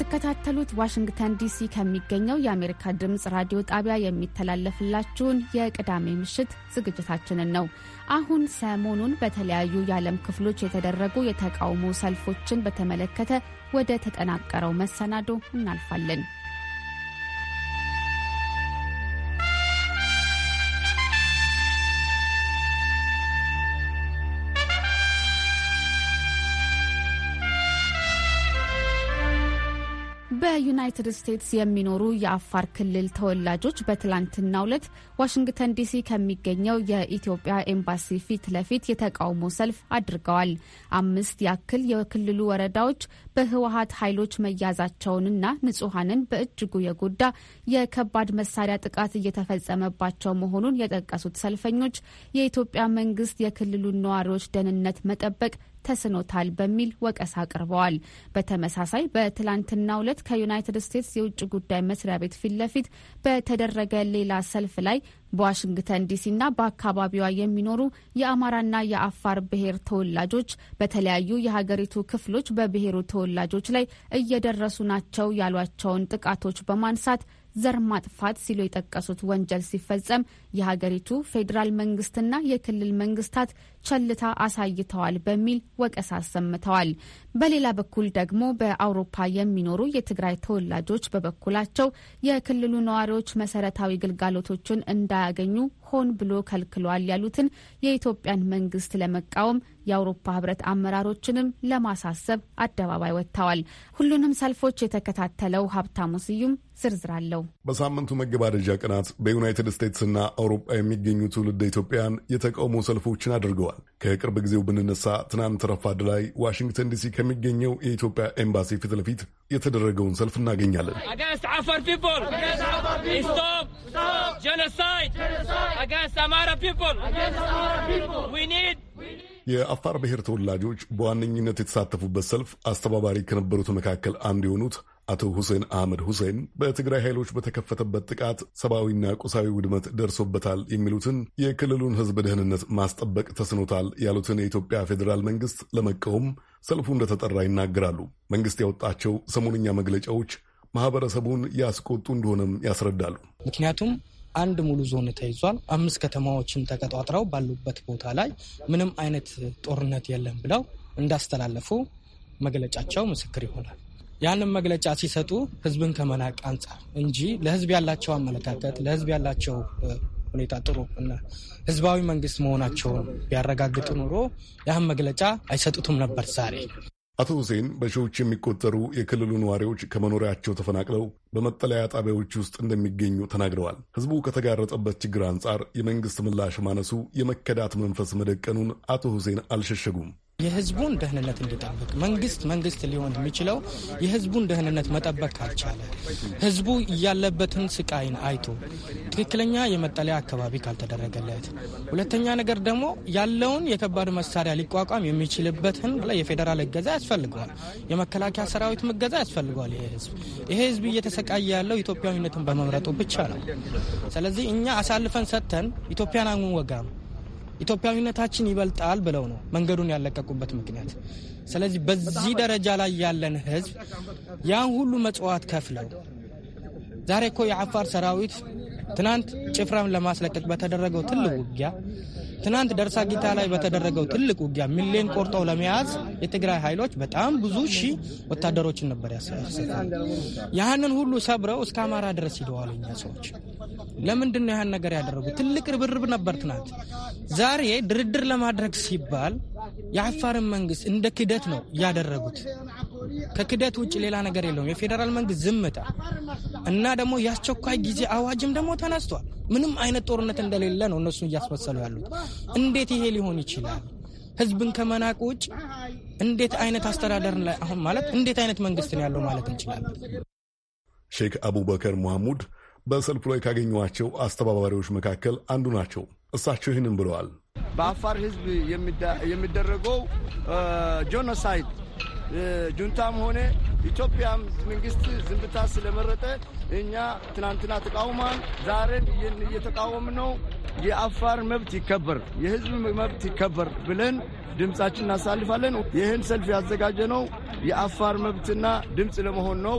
S1: የምትከታተሉት ዋሽንግተን ዲሲ ከሚገኘው የአሜሪካ ድምፅ ራዲዮ ጣቢያ የሚተላለፍላችሁን የቅዳሜ ምሽት ዝግጅታችንን ነው። አሁን ሰሞኑን በተለያዩ የዓለም ክፍሎች የተደረጉ የተቃውሞ ሰልፎችን በተመለከተ ወደ ተጠናቀረው መሰናዶ እናልፋለን። በዩናይትድ ስቴትስ የሚኖሩ የአፋር ክልል ተወላጆች በትላንትናው ዕለት ዋሽንግተን ዲሲ ከሚገኘው የኢትዮጵያ ኤምባሲ ፊት ለፊት የተቃውሞ ሰልፍ አድርገዋል። አምስት ያክል የክልሉ ወረዳዎች በህወሀት ኃይሎች መያዛቸውንና ንጹሐንን በእጅጉ የጎዳ የከባድ መሳሪያ ጥቃት እየተፈጸመባቸው መሆኑን የጠቀሱት ሰልፈኞች የኢትዮጵያ መንግስት የክልሉን ነዋሪዎች ደህንነት መጠበቅ ተስኖታል በሚል ወቀሳ አቅርበዋል። በተመሳሳይ በትላንትናው ዕለት ዩናይትድ ስቴትስ የውጭ ጉዳይ መስሪያ ቤት ፊት ለፊት በተደረገ ሌላ ሰልፍ ላይ በዋሽንግተን ዲሲና በአካባቢዋ የሚኖሩ የአማራና የአፋር ብሔር ተወላጆች በተለያዩ የሀገሪቱ ክፍሎች በብሔሩ ተወላጆች ላይ እየደረሱ ናቸው ያሏቸውን ጥቃቶች በማንሳት ዘር ማጥፋት ሲሉ የጠቀሱት ወንጀል ሲፈጸም የሀገሪቱ ፌዴራል መንግስትና የክልል መንግስታት ቸልታ አሳይተዋል በሚል ወቀሳ አሰምተዋል። በሌላ በኩል ደግሞ በአውሮፓ የሚኖሩ የትግራይ ተወላጆች በበኩላቸው የክልሉ ነዋሪዎች መሰረታዊ ግልጋሎቶችን እንዳያገኙ ሆን ብሎ ከልክሏል ያሉትን የኢትዮጵያን መንግስት ለመቃወም የአውሮፓ ህብረት አመራሮችንም ለማሳሰብ አደባባይ ወጥተዋል። ሁሉንም ሰልፎች የተከታተለው ሀብታሙ ስዩም ዝርዝር አለው።
S6: በሳምንቱ መገባደጃ ቀናት በዩናይትድ ስቴትስና አውሮፓ የሚገኙ ትውልደ ኢትዮጵያን የተቃውሞ ሰልፎችን አድርገዋል። ከቅርብ ጊዜው ብንነሳ ትናንት ረፋድ ላይ ዋሽንግተን ዲሲ ከሚገኘው የኢትዮጵያ ኤምባሲ ፊት ለፊት የተደረገውን ሰልፍ እናገኛለን።
S2: ጀነሳይድ አጋንስት አማራ ፒፕል
S6: የአፋር ብሔር ተወላጆች በዋነኝነት የተሳተፉበት ሰልፍ አስተባባሪ ከነበሩት መካከል አንዱ የሆኑት አቶ ሁሴን አህመድ ሁሴን በትግራይ ኃይሎች በተከፈተበት ጥቃት ሰብአዊና ቁሳዊ ውድመት ደርሶበታል የሚሉትን የክልሉን ሕዝብ ደህንነት ማስጠበቅ ተስኖታል ያሉትን የኢትዮጵያ ፌዴራል መንግስት ለመቃወም ሰልፉ እንደተጠራ ይናገራሉ። መንግስት ያወጣቸው ሰሞንኛ መግለጫዎች ማህበረሰቡን ያስቆጡ እንደሆነም ያስረዳሉ።
S4: ምክንያቱም አንድ ሙሉ ዞን ተይዟል። አምስት ከተማዎችን ተቀጧጥረው ባሉበት ቦታ ላይ ምንም አይነት ጦርነት የለም ብለው እንዳስተላለፉ መግለጫቸው ምስክር ይሆናል። ያንን መግለጫ ሲሰጡ ህዝብን ከመናቅ አንጻር እንጂ ለህዝብ ያላቸው አመለካከት ለህዝብ ያላቸው ሁኔታ ጥሩ እና ህዝባዊ መንግስት መሆናቸውን ቢያረጋግጡ ኑሮ ያህን መግለጫ አይሰጡትም ነበር ዛሬ
S6: አቶ ሁሴን በሺዎች የሚቆጠሩ የክልሉ ነዋሪዎች ከመኖሪያቸው ተፈናቅለው በመጠለያ ጣቢያዎች ውስጥ እንደሚገኙ ተናግረዋል። ሕዝቡ ከተጋረጠበት ችግር አንጻር የመንግስት ምላሽ ማነሱ የመከዳት መንፈስ መደቀኑን አቶ ሁሴን አልሸሸጉም።
S4: የህዝቡን ደህንነት እንዲጠብቅ መንግስት መንግስት ሊሆን የሚችለው የህዝቡን ደህንነት መጠበቅ ካልቻለ ህዝቡ እያለበትን ስቃይን አይቶ ትክክለኛ የመጠለያ አካባቢ ካልተደረገለት፣ ሁለተኛ ነገር ደግሞ ያለውን የከባድ መሳሪያ ሊቋቋም የሚችልበትን የፌዴራል እገዛ ያስፈልገዋል። የመከላከያ ሰራዊት እገዛ ያስፈልገዋል። ይሄ ህዝብ ይሄ ህዝብ እየተሰቃየ ያለው ኢትዮጵያዊነትን በመምረጡ ብቻ ነው። ስለዚህ እኛ አሳልፈን ሰጥተን ኢትዮጵያን አንወጋም። ኢትዮጵያዊነታችን ይበልጣል ብለው ነው መንገዱን ያለቀቁበት ምክንያት። ስለዚህ በዚህ ደረጃ ላይ ያለን ህዝብ ያን ሁሉ መጽዋዕት ከፍለው ዛሬ እኮ የአፋር ሰራዊት ትናንት ጭፍራን ለማስለቀቅ በተደረገው ትልቅ ውጊያ ትናንት ደርሳ ጊታ ላይ በተደረገው ትልቅ ውጊያ ሚሊዮን ቆርጠው ለመያዝ የትግራይ ኃይሎች በጣም ብዙ ሺህ ወታደሮችን ነበር ያሰ ያንን ሁሉ ሰብረው እስከ አማራ ድረስ ሂደዋል እኛ ሰዎች ለምንድን ነው ያህን ነገር ያደረጉት? ትልቅ ርብርብ ነበር ትናንት። ዛሬ ድርድር ለማድረግ ሲባል የአፋርን መንግስት እንደ ክደት ነው ያደረጉት። ከክደት ውጭ ሌላ ነገር የለውም። የፌዴራል መንግስት ዝምታ እና ደግሞ የአስቸኳይ ጊዜ አዋጅም ደግሞ ተነስቷል። ምንም አይነት ጦርነት እንደሌለ ነው እነሱ እያስመሰሉ ያሉት። እንዴት ይሄ ሊሆን ይችላል? ህዝብን ከመናቅ ውጭ እንዴት አይነት አስተዳደር ላይ አሁን ማለት እንዴት አይነት መንግስት ነው ያለው ማለት እንችላለን።
S6: ሼክ አቡበከር መሐሙድ በሰልፉ ላይ ካገኟቸው አስተባባሪዎች መካከል አንዱ ናቸው። እሳቸው ይህንን ብለዋል።
S9: በአፋር ህዝብ የሚደረገው ጆኖሳይድ ጁንታም ሆነ ኢትዮጵያም መንግስት ዝንብታ ስለመረጠ እኛ ትናንትና ተቃውማን፣ ዛሬን እየተቃወም ነው። የአፋር መብት ይከበር፣
S6: የህዝብ መብት ይከበር ብለን ድምፃችን እናሳልፋለን። ይህን ሰልፍ ያዘጋጀ ነው የአፋር መብትና ድምፅ ለመሆን ነው።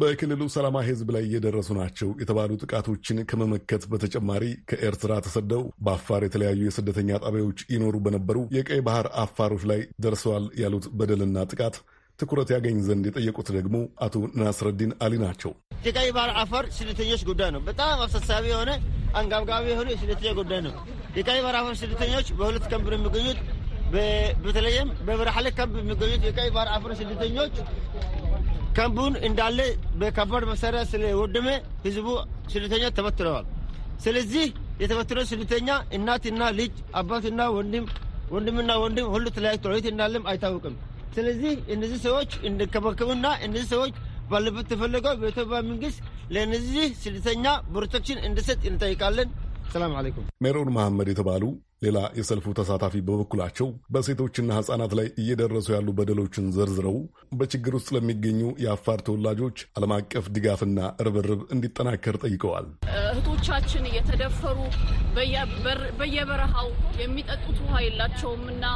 S6: በክልሉ ሰላማ ህዝብ ላይ እየደረሱ ናቸው የተባሉ ጥቃቶችን ከመመከት በተጨማሪ ከኤርትራ ተሰደው በአፋር የተለያዩ የስደተኛ ጣቢያዎች ይኖሩ በነበሩ የቀይ ባህር አፋሮች ላይ ደርሰዋል ያሉት በደልና ጥቃት ትኩረት ያገኝ ዘንድ የጠየቁት ደግሞ አቶ ናስረዲን አሊ ናቸው።
S9: የቀይ ባህር አፋር ስደተኞች ጉዳይ ነው። በጣም አሳሳቢ የሆነ አንጋብጋቢ የሆነ የስደተኛ ጉዳይ ነው። የቀይ ባህር አፋር ስደተኞች በሁለት ከምብ ነው የሚገኙት። በተለይም በበረሃሌ ከምብ የሚገኙት የቀይ ባህር አፋር ስደተኞች ካምፑን እንዳለ በከባድ መሳሪያ ስለወደመ ህዝቡ ስደተኛ ተበትረዋል። ስለዚህ የተበትረ ስደተኛ እናትና ልጅ፣ አባትና ወንድም፣ ወንድምና ወንድም ሁሉ ተለያይተዋል። የት እንዳለም አይታወቅም። ስለዚህ እነዚህ ሰዎች እንዲከባከቡና እነዚህ ሰዎች ባለበት ተፈለገው በኢትዮጵያ መንግስት ለእነዚህ ስደተኛ ፕሮቴክሽን እንዲሰጥ እንጠይቃለን። ሰላም አለይኩም።
S6: ሜሮን መሐመድ የተባሉ ሌላ የሰልፉ ተሳታፊ በበኩላቸው በሴቶችና ሕጻናት ላይ እየደረሱ ያሉ በደሎችን ዘርዝረው በችግር ውስጥ ለሚገኙ የአፋር ተወላጆች ዓለም አቀፍ ድጋፍና ርብርብ እንዲጠናከር ጠይቀዋል።
S3: እህቶቻችን እየተደፈሩ በየበረሃው የሚጠጡት ውሃ የላቸውምና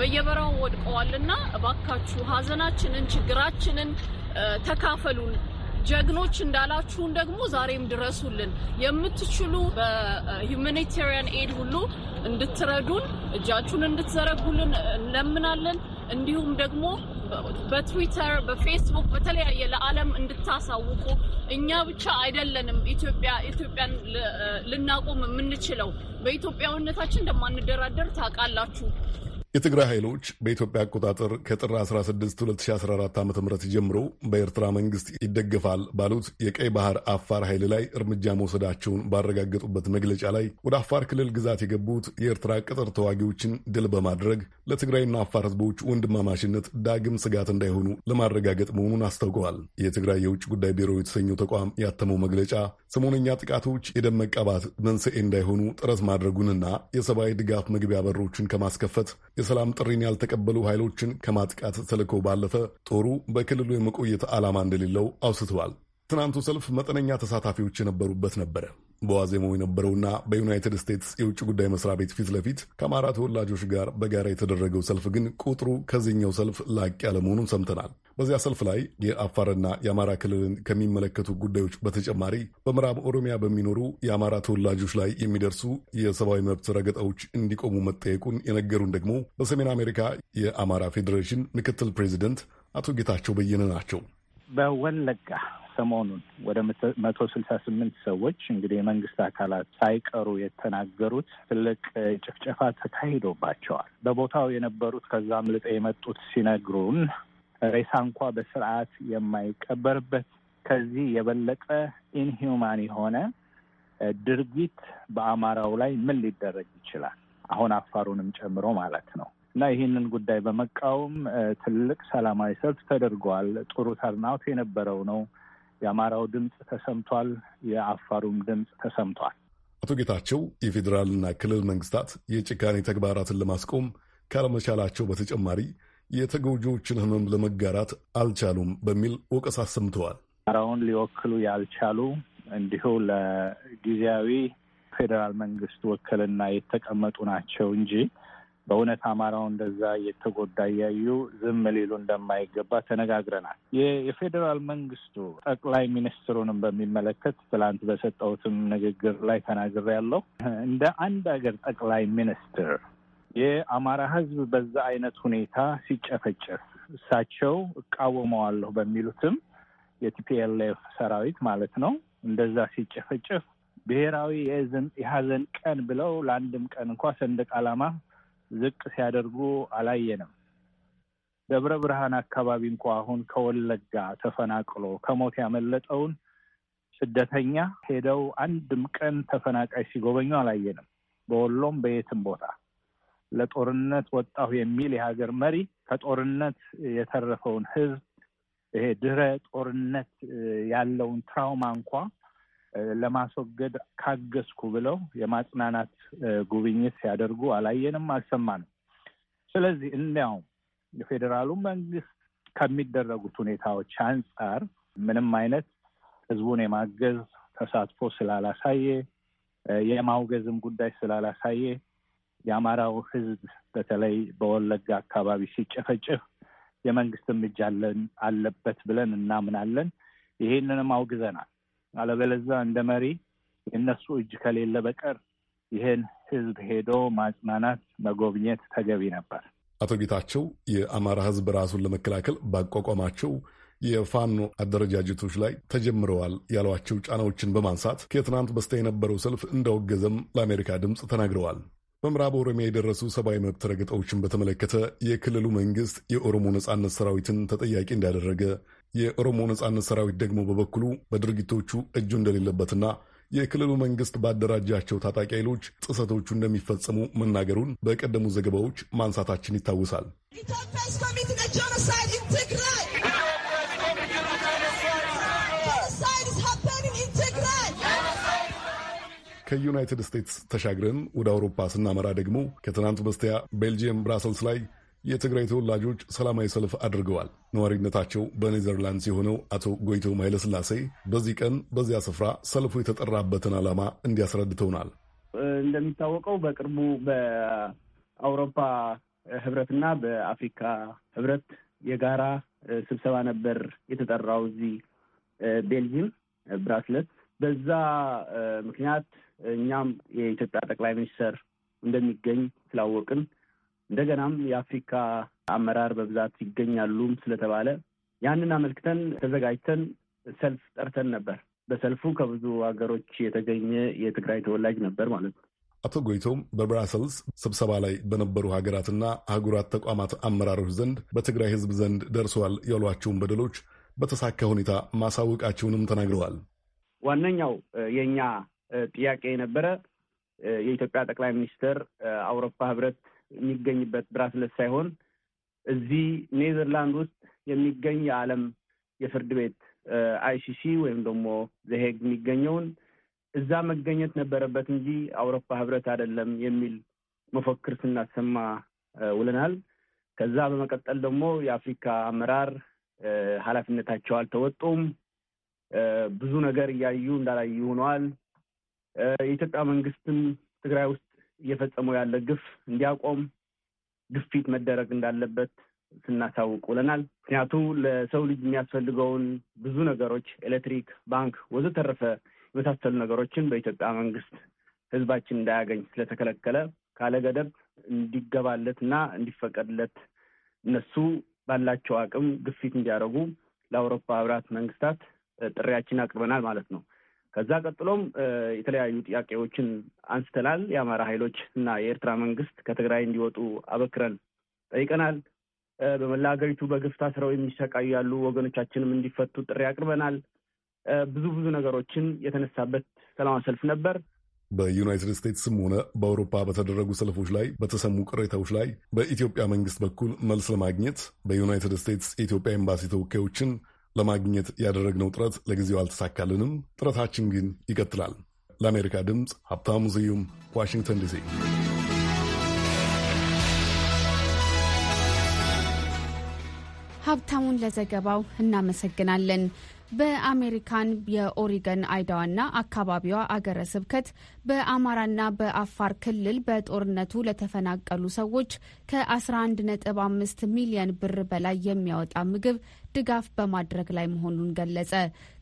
S3: በየበረሃው ወድቀዋልና እባካችሁ ሀዘናችንን ችግራችንን ተካፈሉን ጀግኖች እንዳላችሁን ደግሞ ዛሬም ድረሱልን የምትችሉ በሁማኒታሪያን ኤድ ሁሉ እንድትረዱን እጃችሁን እንድትዘረጉልን እንለምናለን። እንዲሁም ደግሞ በትዊተር፣ በፌስቡክ፣ በተለያየ ለዓለም እንድታሳውቁ እኛ ብቻ አይደለንም ኢትዮጵያ ኢትዮጵያን ልናቆም የምንችለው በኢትዮጵያዊነታችን እንደማንደራደር ታውቃላችሁ።
S6: የትግራይ ኃይሎች በኢትዮጵያ አቆጣጠር ከጥር 16 2014 ዓ ም ጀምሮ በኤርትራ መንግስት ይደገፋል ባሉት የቀይ ባህር አፋር ኃይል ላይ እርምጃ መውሰዳቸውን ባረጋገጡበት መግለጫ ላይ ወደ አፋር ክልል ግዛት የገቡት የኤርትራ ቅጥር ተዋጊዎችን ድል በማድረግ ለትግራይና አፋር ህዝቦች ወንድማማችነት ዳግም ስጋት እንዳይሆኑ ለማረጋገጥ መሆኑን አስታውቀዋል። የትግራይ የውጭ ጉዳይ ቢሮ የተሰኘው ተቋም ያተመው መግለጫ ሰሞነኛ ጥቃቶች የደም መቀባት መንስኤ እንዳይሆኑ ጥረት ማድረጉንና የሰብአዊ ድጋፍ መግቢያ በሮችን ከማስከፈት የሰላም ጥሪን ያልተቀበሉ ኃይሎችን ከማጥቃት ተልዕኮ ባለፈ ጦሩ በክልሉ የመቆየት ዓላማ እንደሌለው አውስተዋል። ትናንቱ ሰልፍ መጠነኛ ተሳታፊዎች የነበሩበት ነበረ። በዋዜማው የነበረውና በዩናይትድ ስቴትስ የውጭ ጉዳይ መስሪያ ቤት ፊት ለፊት ከአማራ ተወላጆች ጋር በጋራ የተደረገው ሰልፍ ግን ቁጥሩ ከዚህኛው ሰልፍ ላቅ ያለ መሆኑን ሰምተናል። በዚያ ሰልፍ ላይ የአፋርና የአማራ ክልልን ከሚመለከቱ ጉዳዮች በተጨማሪ በምዕራብ ኦሮሚያ በሚኖሩ የአማራ ተወላጆች ላይ የሚደርሱ የሰብአዊ መብት ረገጣዎች እንዲቆሙ መጠየቁን የነገሩን ደግሞ በሰሜን አሜሪካ የአማራ ፌዴሬሽን ምክትል ፕሬዚደንት አቶ ጌታቸው በየነ ናቸው።
S5: በወለጋ ሰሞኑን ወደ መቶ ስልሳ ስምንት ሰዎች እንግዲህ የመንግስት አካላት ሳይቀሩ የተናገሩት ትልቅ ጭፍጨፋ ተካሂዶባቸዋል። በቦታው የነበሩት ከዛም ልጠ የመጡት ሲነግሩን ሬሳ እንኳ በስርዓት የማይቀበርበት ከዚህ የበለጠ ኢንሂውማን የሆነ ድርጊት በአማራው ላይ ምን ሊደረግ ይችላል? አሁን አፋሩንም ጨምሮ ማለት ነው። እና ይህንን ጉዳይ በመቃወም ትልቅ ሰላማዊ ሰልፍ ተደርጓል። ጥሩ ተርናውት የነበረው ነው። የአማራው ድምፅ ተሰምቷል። የአፋሩም ድምፅ ተሰምቷል።
S6: አቶ ጌታቸው የፌዴራልና ክልል መንግስታት የጭካኔ ተግባራትን ለማስቆም ካለመቻላቸው በተጨማሪ የተጎጂዎችን ህመም ለመጋራት አልቻሉም በሚል ወቀሳ አሰምተዋል።
S5: አማራውን ሊወክሉ ያልቻሉ እንዲሁ ለጊዜያዊ ፌዴራል መንግስት ውክልና የተቀመጡ ናቸው እንጂ በእውነት አማራው እንደዛ እየተጎዳ እያዩ ዝም ሊሉ እንደማይገባ ተነጋግረናል። የፌዴራል መንግስቱ ጠቅላይ ሚኒስትሩንም በሚመለከት ትላንት በሰጠሁትም ንግግር ላይ ተናግሬ ያለው እንደ አንድ ሀገር ጠቅላይ ሚኒስትር የአማራ ህዝብ በዛ አይነት ሁኔታ ሲጨፈጨፍ እሳቸው እቃወመዋለሁ በሚሉትም የቲፒኤልኤፍ ሰራዊት ማለት ነው እንደዛ ሲጨፈጨፍ ብሔራዊ የሀዘን ቀን ብለው ለአንድም ቀን እንኳ ሰንደቅ ዓላማ ዝቅ ሲያደርጉ አላየንም። ደብረ ብርሃን አካባቢ እንኳ አሁን ከወለጋ ተፈናቅሎ ከሞት ያመለጠውን ስደተኛ ሄደው አንድም ቀን ተፈናቃይ ሲጎበኙ አላየንም። በወሎም በየትም ቦታ ለጦርነት ወጣሁ የሚል የሀገር መሪ ከጦርነት የተረፈውን ሕዝብ ይሄ ድህረ ጦርነት ያለውን ትራውማ እንኳ ለማስወገድ ካገዝኩ ብለው የማጽናናት ጉብኝት ሲያደርጉ አላየንም፣ አልሰማንም። ስለዚህ እንዲያውም የፌዴራሉ መንግስት ከሚደረጉት ሁኔታዎች አንጻር ምንም አይነት ህዝቡን የማገዝ ተሳትፎ ስላላሳየ የማውገዝም ጉዳይ ስላላሳየ የአማራው ህዝብ በተለይ በወለጋ አካባቢ ሲጨፈጭፍ የመንግስት እርምጃ አለበት ብለን እናምናለን። ይሄንንም አውግዘናል። አለበለዛ እንደ መሪ የእነሱ እጅ ከሌለ በቀር ይህን ህዝብ ሄዶ ማጽናናት፣ መጎብኘት ተገቢ ነበር።
S6: አቶ ጌታቸው የአማራ ህዝብ ራሱን ለመከላከል ባቋቋማቸው የፋኖ አደረጃጀቶች ላይ ተጀምረዋል ያሏቸው ጫናዎችን በማንሳት ከትናንት በስቲያ የነበረው ሰልፍ እንደወገዘም ለአሜሪካ ድምፅ ተናግረዋል። በምዕራብ ኦሮሚያ የደረሱ ሰብአዊ መብት ረገጣዎችን በተመለከተ የክልሉ መንግስት የኦሮሞ ነጻነት ሰራዊትን ተጠያቂ እንዳደረገ የኦሮሞ ነጻነት ሰራዊት ደግሞ በበኩሉ በድርጊቶቹ እጁ እንደሌለበትና የክልሉ መንግስት ባደራጃቸው ታጣቂ ኃይሎች ጥሰቶቹ እንደሚፈጸሙ መናገሩን በቀደሙ ዘገባዎች ማንሳታችን ይታወሳል። ከዩናይትድ ስቴትስ ተሻግረን ወደ አውሮፓ ስናመራ ደግሞ ከትናንት በስቲያ ቤልጅየም ብራሰልስ ላይ የትግራይ ተወላጆች ሰላማዊ ሰልፍ አድርገዋል። ነዋሪነታቸው በኔዘርላንድስ የሆነው አቶ ጎይቶም ማይለስላሴ በዚህ ቀን በዚያ ስፍራ ሰልፉ የተጠራበትን ዓላማ እንዲያስረድተውናል።
S2: እንደሚታወቀው በቅርቡ በአውሮፓ ህብረትና በአፍሪካ ህብረት የጋራ ስብሰባ ነበር የተጠራው እዚህ ቤልጅም ብራስለት። በዛ ምክንያት እኛም የኢትዮጵያ ጠቅላይ ሚኒስትር እንደሚገኝ ስላወቅን እንደገናም የአፍሪካ አመራር በብዛት ይገኛሉም ስለተባለ ያንን አመልክተን ተዘጋጅተን ሰልፍ ጠርተን ነበር። በሰልፉ ከብዙ ሀገሮች የተገኘ የትግራይ ተወላጅ ነበር ማለት ነው።
S6: አቶ ጎይቶም በብራሰልስ ስብሰባ ላይ በነበሩ ሀገራትና አህጉራት ተቋማት አመራሮች ዘንድ በትግራይ ሕዝብ ዘንድ ደርሰዋል ያሏቸውን በደሎች በተሳካ ሁኔታ ማሳወቃቸውንም ተናግረዋል።
S2: ዋነኛው የእኛ ጥያቄ የነበረ የኢትዮጵያ ጠቅላይ ሚኒስትር አውሮፓ ህብረት የሚገኝበት ብራስለስ ሳይሆን እዚህ ኔዘርላንድ ውስጥ የሚገኝ የዓለም የፍርድ ቤት አይሲሲ ወይም ደግሞ ዘሄግ የሚገኘውን እዛ መገኘት ነበረበት እንጂ አውሮፓ ህብረት አይደለም የሚል መፈክር ስናሰማ ውለናል። ከዛ በመቀጠል ደግሞ የአፍሪካ አመራር ኃላፊነታቸው አልተወጡም፣ ብዙ ነገር እያዩ እንዳላዩ ሆነዋል። የኢትዮጵያ መንግስትም ትግራይ ውስጥ እየፈጸመው ያለ ግፍ እንዲያቆም ግፊት መደረግ እንዳለበት ስናሳውቅ ውለናል። ምክንያቱ ለሰው ልጅ የሚያስፈልገውን ብዙ ነገሮች ኤሌክትሪክ፣ ባንክ፣ ወዘተረፈ የመሳሰሉ ነገሮችን በኢትዮጵያ መንግስት ህዝባችን እንዳያገኝ ስለተከለከለ ካለ ገደብ እንዲገባለት እና እንዲፈቀድለት እነሱ ባላቸው አቅም ግፊት እንዲያደርጉ ለአውሮፓ ህብረት መንግስታት ጥሪያችን አቅርበናል ማለት ነው። ከዛ ቀጥሎም የተለያዩ ጥያቄዎችን አንስተናል። የአማራ ኃይሎች እና የኤርትራ መንግስት ከትግራይ እንዲወጡ አበክረን ጠይቀናል። በመላ ሀገሪቱ በግፍ ታስረው የሚሰቃዩ ያሉ ወገኖቻችንም እንዲፈቱ ጥሪ አቅርበናል። ብዙ ብዙ ነገሮችን የተነሳበት ሰላማዊ ሰልፍ ነበር።
S6: በዩናይትድ ስቴትስም ሆነ በአውሮፓ በተደረጉ ሰልፎች ላይ በተሰሙ ቅሬታዎች ላይ በኢትዮጵያ መንግስት በኩል መልስ ለማግኘት በዩናይትድ ስቴትስ የኢትዮጵያ ኤምባሲ ተወካዮችን ለማግኘት ያደረግነው ጥረት ለጊዜው አልተሳካልንም። ጥረታችን ግን ይቀጥላል። ለአሜሪካ ድምፅ ሀብታሙ ስዩም ዋሽንግተን ዲሲ።
S1: ሀብታሙን ለዘገባው እናመሰግናለን። በአሜሪካን የኦሪገን አይዳዋና አካባቢዋ አገረ ስብከት በአማራና በአፋር ክልል በጦርነቱ ለተፈናቀሉ ሰዎች ከ11.5 ሚሊዮን ብር በላይ የሚያወጣ ምግብ ድጋፍ በማድረግ ላይ መሆኑን ገለጸ።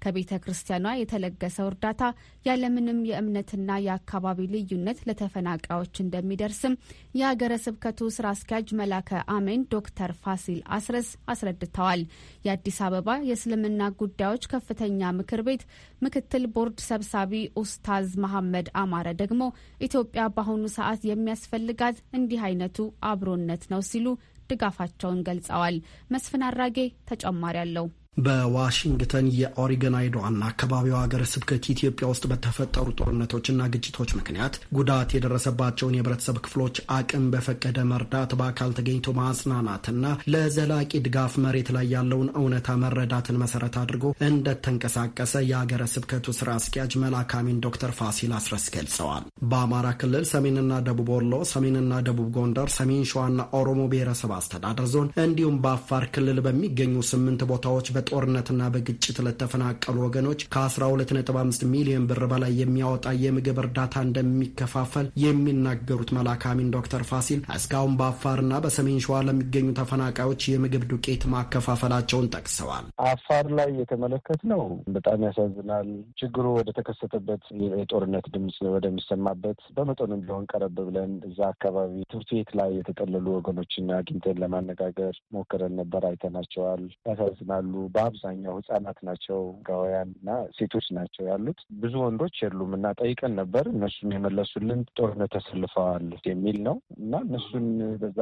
S1: ከቤተ ክርስቲያኗ የተለገሰው እርዳታ ያለምንም የእምነትና የአካባቢ ልዩነት ለተፈናቃዮች እንደሚደርስም የሀገረ ስብከቱ ስራ አስኪያጅ መላከ አሜን ዶክተር ፋሲል አስረስ አስረድተዋል። የአዲስ አበባ የእስልምና ጉዳዮች ከፍተኛ ምክር ቤት ምክትል ቦርድ ሰብሳቢ ኡስታዝ መሐመድ አማረ ደግሞ ኢትዮጵያ በአሁኑ ሰዓት የሚያስፈልጋት እንዲህ አይነቱ አብሮነት ነው ሲሉ ድጋፋቸውን ገልጸዋል። መስፍን አራጌ ተጨማሪ አለው።
S10: በዋሽንግተን የኦሪገን አይዶዋና አካባቢው ሀገረ ስብከት ኢትዮጵያ ውስጥ በተፈጠሩ ጦርነቶችና ግጭቶች ምክንያት ጉዳት የደረሰባቸውን የህብረተሰብ ክፍሎች አቅም በፈቀደ መርዳት፣ በአካል ተገኝቶ ማጽናናትና ለዘላቂ ድጋፍ መሬት ላይ ያለውን እውነታ መረዳትን መሰረት አድርጎ እንደተንቀሳቀሰ የሀገረ ስብከቱ ስራ አስኪያጅ መላካሚን ዶክተር ፋሲል አስረስ ገልጸዋል። በአማራ ክልል ሰሜንና ደቡብ ወሎ፣ ሰሜንና ደቡብ ጎንደር፣ ሰሜን ሸዋና ኦሮሞ ብሔረሰብ አስተዳደር ዞን እንዲሁም በአፋር ክልል በሚገኙ ስምንት ቦታዎች በ በጦርነትና በግጭት ለተፈናቀሉ ወገኖች ከ12.5 ሚሊዮን ብር በላይ የሚያወጣ የምግብ እርዳታ እንደሚከፋፈል የሚናገሩት መላካሚን ዶክተር ፋሲል እስካሁን በአፋርና በሰሜን ሸዋ ለሚገኙ ተፈናቃዮች የምግብ ዱቄት ማከፋፈላቸውን ጠቅሰዋል።
S11: አፋር ላይ የተመለከት ነው በጣም ያሳዝናል። ችግሩ ወደ ተከሰተበት የጦርነት ድምፅ ወደሚሰማበት በመጠኑም ቢሆን ቀረብ ብለን እዛ አካባቢ ትምህርት ቤት ላይ የተጠለሉ ወገኖችን አግኝተን ለማነጋገር ሞክረን ነበር። አይተናቸዋል። ያሳዝናሉ። በአብዛኛው ህጻናት ናቸው፣ ጋውያን እና ሴቶች ናቸው ያሉት። ብዙ ወንዶች የሉም እና ጠይቀን ነበር። እነሱን የመለሱልን ጦርነት ተሰልፈዋል የሚል ነው እና እነሱን በዛ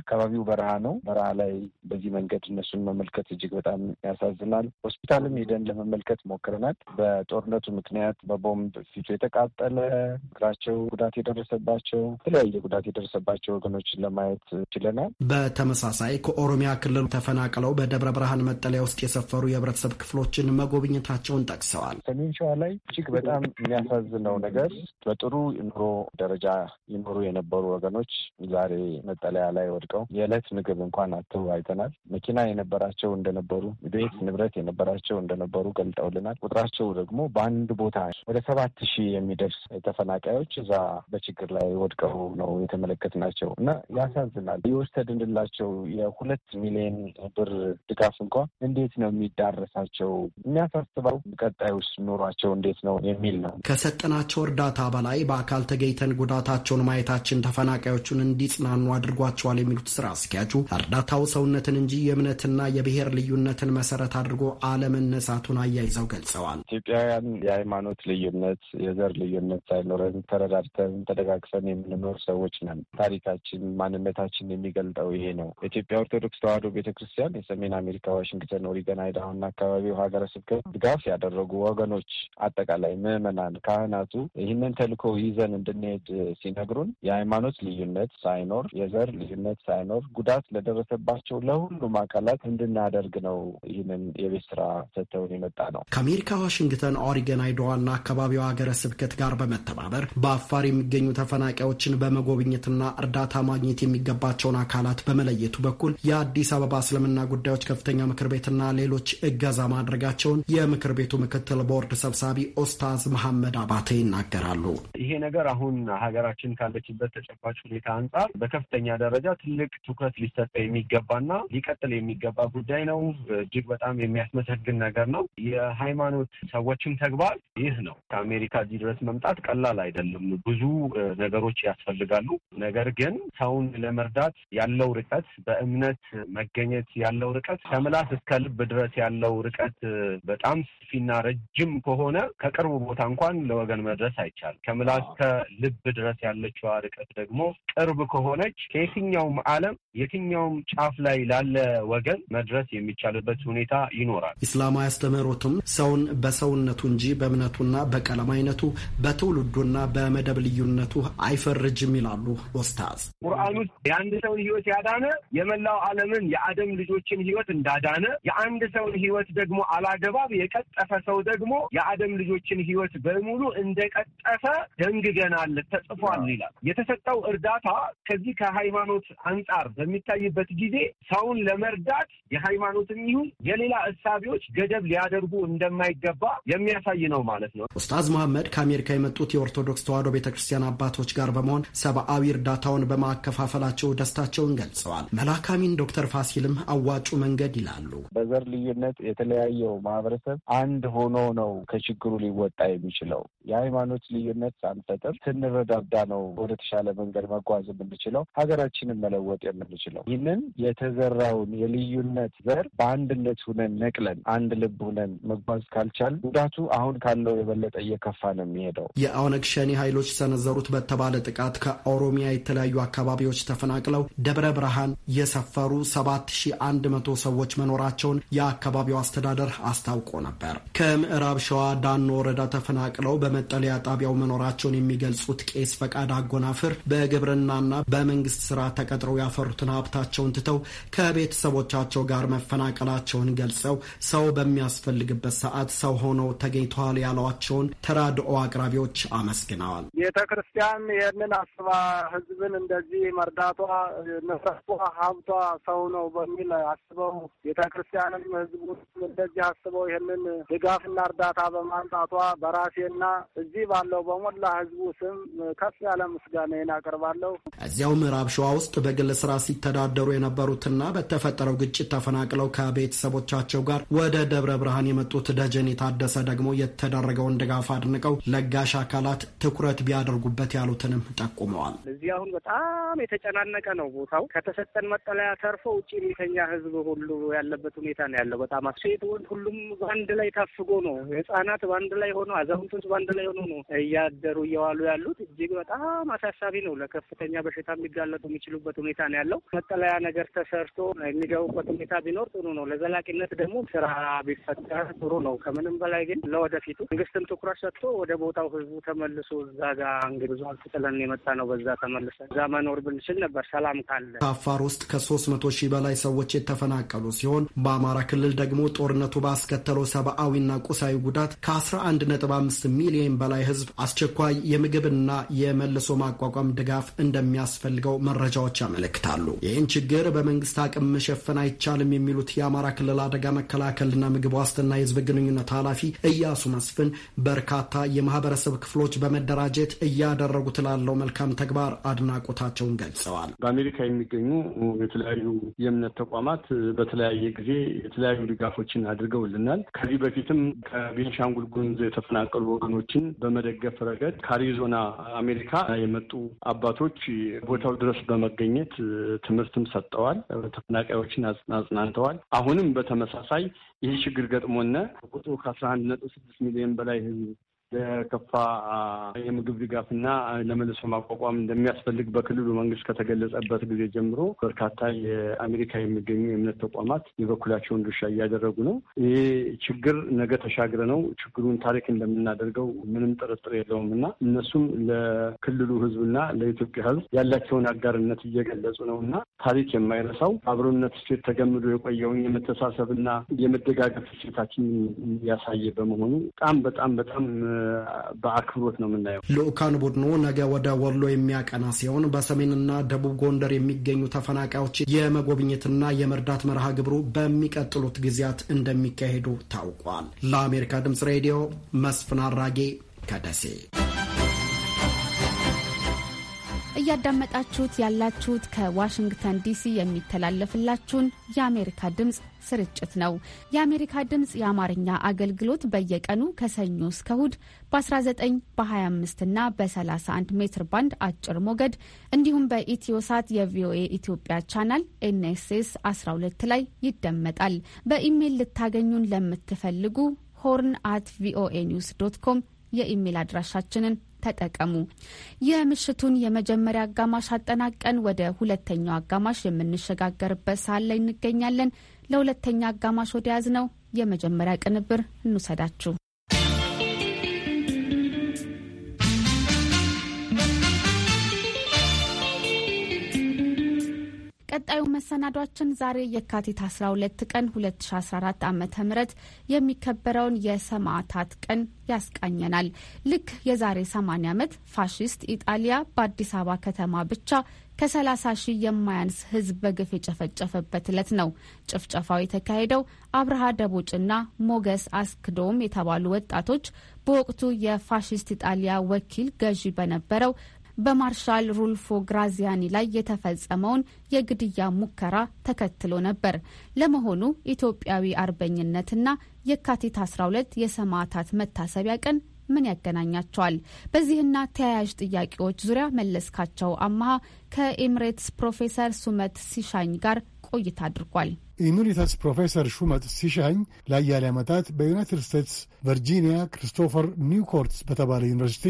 S11: አካባቢው በረሃ ነው። በረሃ ላይ በዚህ መንገድ እነሱን መመልከት እጅግ በጣም ያሳዝናል። ሆስፒታልም ሄደን ለመመልከት ሞክረናል። በጦርነቱ ምክንያት በቦምብ ፊቱ የተቃጠለ እግራቸው ጉዳት የደረሰባቸው የተለያየ ጉዳት የደረሰባቸው ወገኖችን ለማየት ችለናል።
S10: በተመሳሳይ ከኦሮሚያ ክልል ተፈናቅለው በደብረ ብርሃን መጠለያ ውስጥ የሰፈሩ የህብረተሰብ ክፍሎችን መጎብኘታቸውን ጠቅሰዋል።
S11: ሰሜን ሸዋ ላይ እጅግ በጣም የሚያሳዝነው ነገር በጥሩ ኑሮ ደረጃ ይኖሩ የነበሩ ወገኖች ዛሬ መጠለያ ላይ ወድቀው የዕለት ምግብ እንኳን አጥተው አይተናል። መኪና የነበራቸው እንደነበሩ፣ ቤት ንብረት የነበራቸው እንደነበሩ ገልጠውልናል። ቁጥራቸው ደግሞ በአንድ ቦታ ወደ ሰባት ሺህ የሚደርስ ተፈናቃዮች እዛ በችግር ላይ ወድቀው ነው የተመለከትናቸው እና ያሳዝናል። የወሰድንላቸው የሁለት ሚሊዮን ብር ድጋፍ እንኳን እንዴት ነው የሚዳረሳቸው? የሚያሳስበው ቀጣዩስ ኑሯቸው እንዴት ነው የሚል ነው።
S10: ከሰጠናቸው እርዳታ በላይ በአካል ተገኝተን ጉዳታቸውን ማየታችን ተፈናቃዮቹን እንዲጽናኑ አድርጓቸዋል የሚሉት ስራ አስኪያጁ እርዳታው ሰውነትን እንጂ የእምነትና የብሔር ልዩነትን መሰረት አድርጎ አለመነሳቱን አያይዘው ገልጸዋል።
S11: ኢትዮጵያውያን የሃይማኖት ልዩነት፣ የዘር ልዩነት ሳይኖረን ተረዳድተን ተደጋግፈን የምንኖር ሰዎች ነን። ታሪካችን፣ ማንነታችን የሚገልጠው ይሄ ነው። ኢትዮጵያ ኦርቶዶክስ ተዋሕዶ ቤተክርስቲያን የሰሜን አሜሪካ ዋሽንግተን ኦሪጋ የገናይዳውና አካባቢው ሀገረ ስብከት ድጋፍ ያደረጉ ወገኖች፣ አጠቃላይ ምዕመናን፣ ካህናቱ ይህንን ተልእኮ ይዘን እንድንሄድ ሲነግሩን የሃይማኖት ልዩነት ሳይኖር የዘር ልዩነት ሳይኖር ጉዳት ለደረሰባቸው ለሁሉም አካላት እንድናደርግ ነው ይህንን የቤት ስራ ሰጥተውን የመጣ ነው።
S10: ከአሜሪካ ዋሽንግተን ኦሪገን አይዳዋና አካባቢው ሀገረ ስብከት ጋር በመተባበር በአፋር የሚገኙ ተፈናቃዮችን በመጎብኘትና እርዳታ ማግኘት የሚገባቸውን አካላት በመለየቱ በኩል የአዲስ አበባ እስልምና ጉዳዮች ከፍተኛ ምክር ቤትና ሌሎች እገዛ ማድረጋቸውን የምክር ቤቱ ምክትል ቦርድ ሰብሳቢ ኦስታዝ መሐመድ አባቴ ይናገራሉ።
S9: ይሄ ነገር አሁን ሀገራችን ካለችበት ተጨባጭ ሁኔታ አንጻር በከፍተኛ ደረጃ ትልቅ ትኩረት ሊሰጠው የሚገባና ሊቀጥል የሚገባ ጉዳይ ነው። እጅግ በጣም የሚያስመሰግን ነገር ነው። የሃይማኖት ሰዎችም ተግባር ይህ ነው። ከአሜሪካ እዚህ ድረስ መምጣት ቀላል አይደለም። ብዙ ነገሮች ያስፈልጋሉ። ነገር ግን ሰውን ለመርዳት ያለው ርቀት፣ በእምነት መገኘት ያለው ርቀት ከምላስ እስከ ልብ ድረስ ያለው ርቀት በጣም ሰፊና ረጅም ከሆነ ከቅርቡ ቦታ እንኳን ለወገን መድረስ አይቻልም። ከምላስ ከልብ ድረስ ያለችዋ ርቀት ደግሞ ቅርብ ከሆነች ከየትኛውም ዓለም የትኛውም ጫፍ ላይ ላለ ወገን መድረስ የሚቻልበት ሁኔታ ይኖራል።
S10: ኢስላማዊ አስተምህሮትም ሰውን በሰውነቱ እንጂ በእምነቱና በቀለም አይነቱ በትውልዱና በመደብ ልዩነቱ አይፈርጅም ይላሉ ኡስታዝ።
S9: ቁርአን ውስጥ የአንድ ሰውን ህይወት ያዳነ የመላው ዓለምን የአደም ልጆችን ህይወት እንዳዳነ የአንድ የአንድ ሰውን ህይወት ደግሞ አላገባብ የቀጠፈ ሰው ደግሞ የአደም ልጆችን ህይወት በሙሉ እንደቀጠፈ ደንግገናል፣ ተጽፏል ይላል። የተሰጠው እርዳታ ከዚህ ከሃይማኖት አንጻር በሚታይበት ጊዜ ሰውን ለመርዳት የሃይማኖትም ይሁን የሌላ እሳቢዎች ገደብ ሊያደርጉ እንደማይገባ የሚያሳይ ነው ማለት ነው።
S10: ኡስታዝ መሐመድ ከአሜሪካ የመጡት የኦርቶዶክስ ተዋሕዶ ቤተክርስቲያን አባቶች ጋር በመሆን ሰብአዊ እርዳታውን በማከፋፈላቸው ደስታቸውን ገልጸዋል። መላካሚን ዶክተር ፋሲልም አዋጩ መንገድ ይላሉ።
S11: በዘር ልዩነት የተለያየው ማህበረሰብ አንድ ሆኖ ነው ከችግሩ ሊወጣ የሚችለው። የሃይማኖት ልዩነት ሳንፈጥር ስንረዳዳ ነው ወደ ተሻለ መንገድ መጓዝ የምንችለው፣ ሀገራችንን መለወጥ የምንችለው። ይህንን የተዘራውን የልዩነት ዘር በአንድነት ሁነን ነቅለን አንድ ልብ ሁነን መጓዝ ካልቻል ጉዳቱ አሁን ካለው የበለጠ እየከፋ ነው የሚሄደው።
S10: የኦነግ ሸኔ ኃይሎች ሰነዘሩት በተባለ ጥቃት ከኦሮሚያ የተለያዩ አካባቢዎች ተፈናቅለው ደብረ ብርሃን የሰፈሩ 7100 ሰዎች መኖራቸውን የአካባቢው አስተዳደር አስታውቆ ነበር። ከምዕራብ ሸዋ ዳኖ ወረዳ ተፈናቅለው በመጠለያ ጣቢያው መኖራቸውን የሚገልጹት ቄስ ፈቃድ አጎናፍር በግብርናና በመንግስት ስራ ተቀጥረው ያፈሩትን ሀብታቸውን ትተው ከቤተሰቦቻቸው ጋር መፈናቀላቸውን ገልጸው ሰው በሚያስፈልግበት ሰዓት ሰው ሆነው ተገኝተዋል ያሏቸውን ተራድኦ አቅራቢዎች አመስግነዋል።
S9: ቤተ ክርስቲያን ይህንን አስባ ህዝብን እንደዚህ መርዳቷ ንብረቷ ሀብቷ ሰው ነው በሚል አስበው ቤተ ክርስቲያን በመሆን ህዝቡን እንደዚህ አስበው ይህንን ድጋፍና እርዳታ በማምጣቷ በራሴና እዚህ ባለው በሞላ ህዝቡ ስም ከፍ ያለ ምስጋናዬን አቀርባለሁ።
S10: እዚያው ምዕራብ ሸዋ ውስጥ በግል ስራ ሲተዳደሩ የነበሩትና በተፈጠረው ግጭት ተፈናቅለው ከቤተሰቦቻቸው ጋር ወደ ደብረ ብርሃን የመጡት ደጀኔ ታደሰ ደግሞ የተደረገውን ድጋፍ አድንቀው ለጋሽ አካላት ትኩረት ቢያደርጉበት ያሉትንም ጠቁመዋል።
S9: እዚህ አሁን በጣም
S4: የተጨናነቀ ነው ቦታው። ከተሰጠን መጠለያ ተርፎ ውጭ የሚተኛ ህዝብ ሁሉ ያለበት ሁኔታ ነው ያለው። በጣም ሴት ወንድ ሁሉም በአንድ ላይ ታፍጎ ነው። ህጻናት በአንድ ላይ ሆኖ፣ አዛውንቶች በአንድ ላይ ሆኖ ነው እያደሩ እየዋሉ ያሉት። እጅግ በጣም አሳሳቢ ነው። ለከፍተኛ በሽታ የሚጋለጡ የሚችሉበት ሁኔታ ነው ያለው። መጠለያ ነገር ተሰርቶ የሚገቡበት ሁኔታ ቢኖር ጥሩ ነው። ለዘላቂነት ደግሞ ስራ ቢፈጠር ጥሩ ነው። ከምንም በላይ ግን ለወደፊቱ መንግስትም ትኩረት ሰጥቶ
S12: ወደ ቦታው ህዝቡ ተመልሶ እዛ ጋ እንግዲህ ብዙ አልፍጥለን የመጣ ነው። በዛ ተመልሰ እዛ መኖር ብንችል ነበር ሰላም ካለ።
S10: ከአፋር ውስጥ ከሶስት መቶ ሺህ በላይ ሰዎች የተፈናቀሉ ሲሆን በአማራ ክልል ደግሞ ጦርነቱ ባስከተለው ሰብአዊና ቁሳዊ ጉዳት ከ11.5 ሚሊዮን በላይ ህዝብ አስቸኳይ የምግብና የመልሶ ማቋቋም ድጋፍ እንደሚያስፈልገው መረጃዎች ያመለክታሉ። ይህን ችግር በመንግስት አቅም መሸፈን አይቻልም የሚሉት የአማራ ክልል አደጋ መከላከልና ምግብ ዋስትና የህዝብ ግንኙነት ኃላፊ እያሱ መስፍን በርካታ የማህበረሰብ ክፍሎች በመደራጀት እያደረጉት ላለው መልካም ተግባር አድናቆታቸውን ገልጸዋል።
S12: በአሜሪካ የሚገኙ የተለያዩ የእምነት ተቋማት በተለያየ ጊዜ የተለያዩ ድጋፎችን አድርገውልናል። ከዚህ በፊትም ከቤንሻንጉል ጉሙዝ የተፈናቀሉ ወገኖችን በመደገፍ ረገድ ከአሪዞና አሜሪካ የመጡ አባቶች ቦታው ድረስ በመገኘት ትምህርትም ሰጥተዋል፣ ተፈናቃዮችን አጽናንተዋል። አሁንም በተመሳሳይ ይህ ችግር ገጥሞነ ቁጥሩ ከአስራ አንድ ነጥብ ስድስት ሚሊዮን በላይ ህዝብ የከፋ የምግብ ድጋፍና ለመልሶ ማቋቋም እንደሚያስፈልግ በክልሉ መንግስት ከተገለጸበት ጊዜ ጀምሮ በርካታ የአሜሪካ የሚገኙ የእምነት ተቋማት የበኩላቸውን ድርሻ እያደረጉ ነው። ይህ ችግር ነገ ተሻግረ ነው ችግሩን ታሪክ እንደምናደርገው ምንም ጥርጥር የለውም እና እነሱም ለክልሉ ና ለኢትዮጵያ ህዝብ ያላቸውን አጋርነት እየገለጹ ነው እና ታሪክ የማይረሳው አብሮነት እሴት ተገምዶ የቆየውን የመተሳሰብና የመደጋገፍ እሴታችን ያሳየ በመሆኑ በጣም በጣም በጣም በአክብሮት ነው የምናየው።
S10: ልኡካን ቡድኑ ነገ ወደ ወሎ የሚያቀና ሲሆን በሰሜንና ደቡብ ጎንደር የሚገኙ ተፈናቃዮች የመጎብኘትና የመርዳት መርሃ ግብሩ በሚቀጥሉት ጊዜያት እንደሚካሄዱ ታውቋል። ለአሜሪካ ድምጽ ሬዲዮ መስፍን አራጌ ከደሴ
S1: እያዳመጣችሁት ያላችሁት ከዋሽንግተን ዲሲ የሚተላለፍላችሁን የአሜሪካ ድምፅ ስርጭት ነው። የአሜሪካ ድምፅ የአማርኛ አገልግሎት በየቀኑ ከሰኞ እስከ እሁድ በ19 በ25 እና በ31 ሜትር ባንድ አጭር ሞገድ እንዲሁም በኢትዮሳት የቪኦኤ ኢትዮጵያ ቻናል ኤንኤስኤስ 12 ላይ ይደመጣል። በኢሜይል ልታገኙን ለምትፈልጉ ሆርን አት ቪኦኤ ኒውስ ዶት ኮም የኢሜይል አድራሻችንን ተጠቀሙ። የምሽቱን የመጀመሪያ አጋማሽ አጠናቀን ወደ ሁለተኛው አጋማሽ የምንሸጋገርበት ሰዓት ላይ እንገኛለን። ለሁለተኛ አጋማሽ ወደያዝ ነው የመጀመሪያ ቅንብር እንውሰዳችሁ። ቀጣዩ መሰናዷችን ዛሬ የካቲት 12 ቀን 2014 ዓ ም የሚከበረውን የሰማዕታት ቀን ያስቃኘናል። ልክ የዛሬ 80 ዓመት ፋሺስት ኢጣሊያ በአዲስ አበባ ከተማ ብቻ ከ30 ሺህ የማያንስ ሕዝብ በግፍ የጨፈጨፈበት ዕለት ነው። ጭፍጨፋው የተካሄደው አብርሃ ደቦጭና ሞገስ አስክዶም የተባሉ ወጣቶች በወቅቱ የፋሽስት ኢጣሊያ ወኪል ገዢ በነበረው በማርሻል ሩልፎ ግራዚያኒ ላይ የተፈጸመውን የግድያ ሙከራ ተከትሎ ነበር። ለመሆኑ ኢትዮጵያዊ አርበኝነትና የካቲት 12 የሰማዕታት መታሰቢያ ቀን ምን ያገናኛቸዋል? በዚህና ተያያዥ ጥያቄዎች ዙሪያ መለስካቸው አማሃ ከኤምሬትስ ፕሮፌሰር ሱመት ሲሻኝ ጋር ቆይታ አድርጓል።
S13: ኢሚሪተስ ፕሮፌሰር ሹመት ሲሻኝ ለአያሌ ዓመታት በዩናይትድ ስቴትስ ቨርጂኒያ ክሪስቶፈር ኒውኮርትስ በተባለ ዩኒቨርሲቲ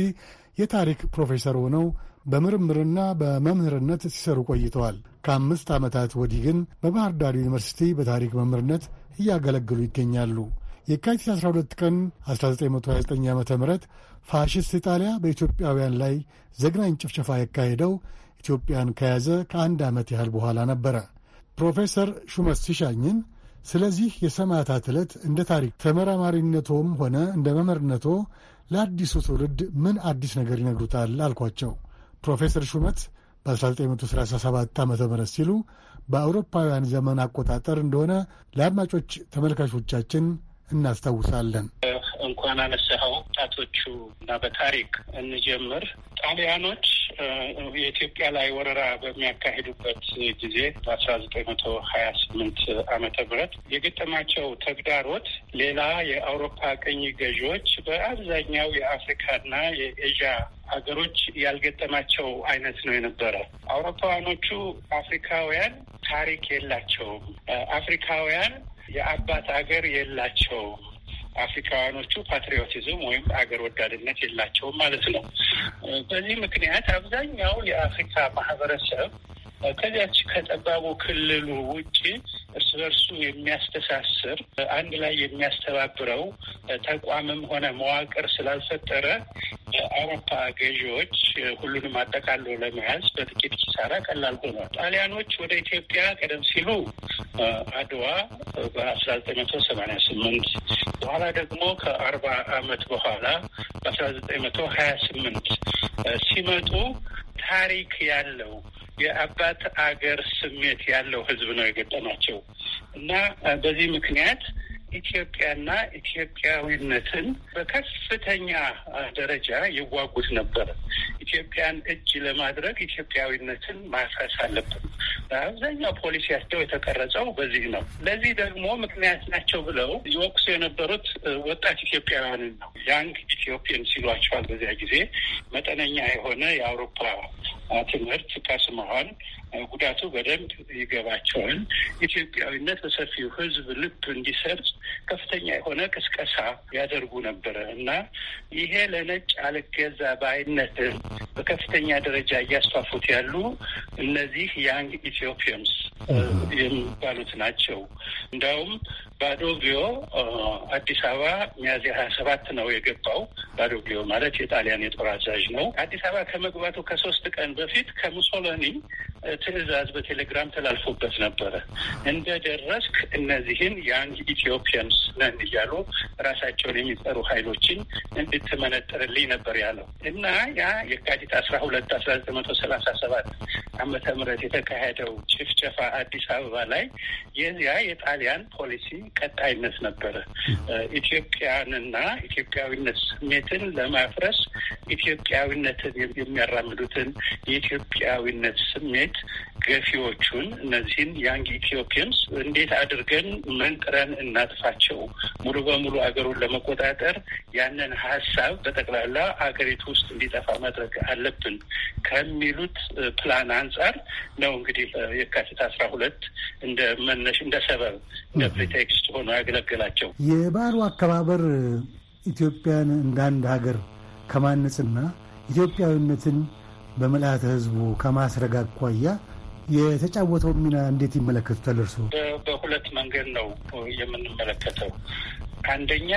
S13: የታሪክ ፕሮፌሰር ሆነው በምርምርና በመምህርነት ሲሰሩ ቆይተዋል። ከአምስት ዓመታት ወዲህ ግን በባህር ዳር ዩኒቨርሲቲ በታሪክ መምህርነት እያገለገሉ ይገኛሉ። የካቲት 12 ቀን 1929 ዓ ም ፋሽስት ኢጣሊያ በኢትዮጵያውያን ላይ ዘግናኝ ጭፍጨፋ ያካሄደው ኢትዮጵያን ከያዘ ከአንድ ዓመት ያህል በኋላ ነበረ። ፕሮፌሰር ሹመት ሲሻኝን ስለዚህ የሰማዕታት ዕለት እንደ ታሪክ ተመራማሪነቶም ሆነ እንደ መምህርነቶ ለአዲሱ ትውልድ ምን አዲስ ነገር ይነግሩታል አልኳቸው። ፕሮፌሰር ሹመት በ1937 ዓ ም ሲሉ በአውሮፓውያን ዘመን አቆጣጠር እንደሆነ ለአድማጮች ተመልካቾቻችን እናስታውሳለን።
S7: እንኳን አነሳኸው ጣቶቹ እና በታሪክ እንጀምር። ጣሊያኖች የኢትዮጵያ ላይ ወረራ በሚያካሂዱበት ጊዜ በአስራ ዘጠኝ መቶ ሀያ ስምንት አመተ ምህረት የገጠማቸው ተግዳሮት ሌላ የአውሮፓ ቅኝ ገዢዎች በአብዛኛው የአፍሪካና የኤዥያ ሀገሮች ያልገጠማቸው አይነት ነው የነበረ። አውሮፓውያኖቹ አፍሪካውያን ታሪክ የላቸውም። አፍሪካውያን የአባት ሀገር የላቸውም። አፍሪካውያኖቹ ፓትሪዮቲዝም ወይም አገር ወዳድነት የላቸውም ማለት ነው። በዚህ ምክንያት አብዛኛው የአፍሪካ ማህበረሰብ ከዚያች ከጠባቡ ክልሉ ውጭ እርስ በርሱ የሚያስተሳስር አንድ ላይ የሚያስተባብረው ተቋምም ሆነ መዋቅር ስላልፈጠረ አውሮፓ ገዢዎች ሁሉንም አጠቃሎ ለመያዝ በጥቂት ኪሳራ ቀላል ሆኗል። ጣሊያኖች ወደ ኢትዮጵያ ቀደም ሲሉ አድዋ በአስራ ዘጠኝ መቶ ሰማኒያ ስምንት በኋላ ደግሞ ከአርባ አመት በኋላ በአስራ ዘጠኝ መቶ ሀያ ስምንት ሲመጡ ታሪክ ያለው የአባት አገር ስሜት ያለው ህዝብ ነው የገጠማቸው። ነው እና በዚህ ምክንያት ኢትዮጵያና ኢትዮጵያዊነትን በከፍተኛ ደረጃ ይዋጉት ነበር። ኢትዮጵያን እጅ ለማድረግ ኢትዮጵያዊነትን ማፍረስ አለብን። በአብዛኛው ፖሊሲያቸው የተቀረጸው በዚህ ነው። ለዚህ ደግሞ ምክንያት ናቸው ብለው ይወቅሱ የነበሩት ወጣት ኢትዮጵያውያንን ነው። ያንግ ኢትዮጵያን ሲሏቸዋል። በዚያ ጊዜ መጠነኛ የሆነ የአውሮፓ ትምህርት ከስመሆን ጉዳቱ በደንብ ይገባቸዋል። ኢትዮጵያዊነት በሰፊው ሕዝብ ልብ እንዲሰርጽ ከፍተኛ የሆነ ቅስቀሳ ያደርጉ ነበረ እና ይሄ ለነጭ አልገዛ በአይነት በከፍተኛ ደረጃ እያስፋፉት ያሉ እነዚህ ያንግ ኢትዮፒያንስ የሚባሉት ናቸው። እንዲያውም ባዶግዮ አዲስ አበባ ሚያዝያ ሀያ ሰባት ነው የገባው። ባዶግዮ ማለት የጣሊያን የጦር አዛዥ ነው። አዲስ አበባ ከመግባቱ ከሶስት ቀን በፊት ከሙሶሎኒ ትዕዛዝ በቴሌግራም ተላልፎበት ነበረ። እንደደረስክ እነዚህን ያንግ ኢትዮፒያንስ ነን እያሉ ራሳቸውን የሚጠሩ ኃይሎችን እንድትመነጥርልኝ ነበር ያለው እና ያ የካቲት አስራ ሁለት አስራ ዘጠኝ መቶ ሰላሳ ሰባት ዓመተ ምህረት የተካሄደው ጭፍጨፋ አዲስ አበባ ላይ የዚያ የጣሊያን ፖሊሲ ቀጣይነት ነበረ። ኢትዮጵያንና ኢትዮጵያዊነት ስሜትን ለማፍረስ ኢትዮጵያዊነትን የሚያራምዱትን የኢትዮጵያዊነት ስሜት ድርጊት ገፊዎቹን እነዚህን ያንግ ኢትዮፒያንስ እንዴት አድርገን መንቅረን እናጥፋቸው? ሙሉ በሙሉ አገሩን ለመቆጣጠር ያንን ሀሳብ በጠቅላላ አገሪቱ ውስጥ እንዲጠፋ ማድረግ አለብን ከሚሉት ፕላን አንጻር ነው እንግዲህ የካቲት አስራ ሁለት እንደ መነሽ እንደ ሰበብ እንደ ፕሪቴክስት ሆኖ ያገለግላቸው
S13: የበዓሉ አከባበር ኢትዮጵያን እንደ አንድ ሀገር ከማነጽና ኢትዮጵያዊነትን በምልአተ ህዝቡ ከማስረጋግ አኳያ የተጫወተው ሚና እንዴት ይመለከቱታል እርሶ?
S7: በሁለት መንገድ ነው የምንመለከተው። አንደኛ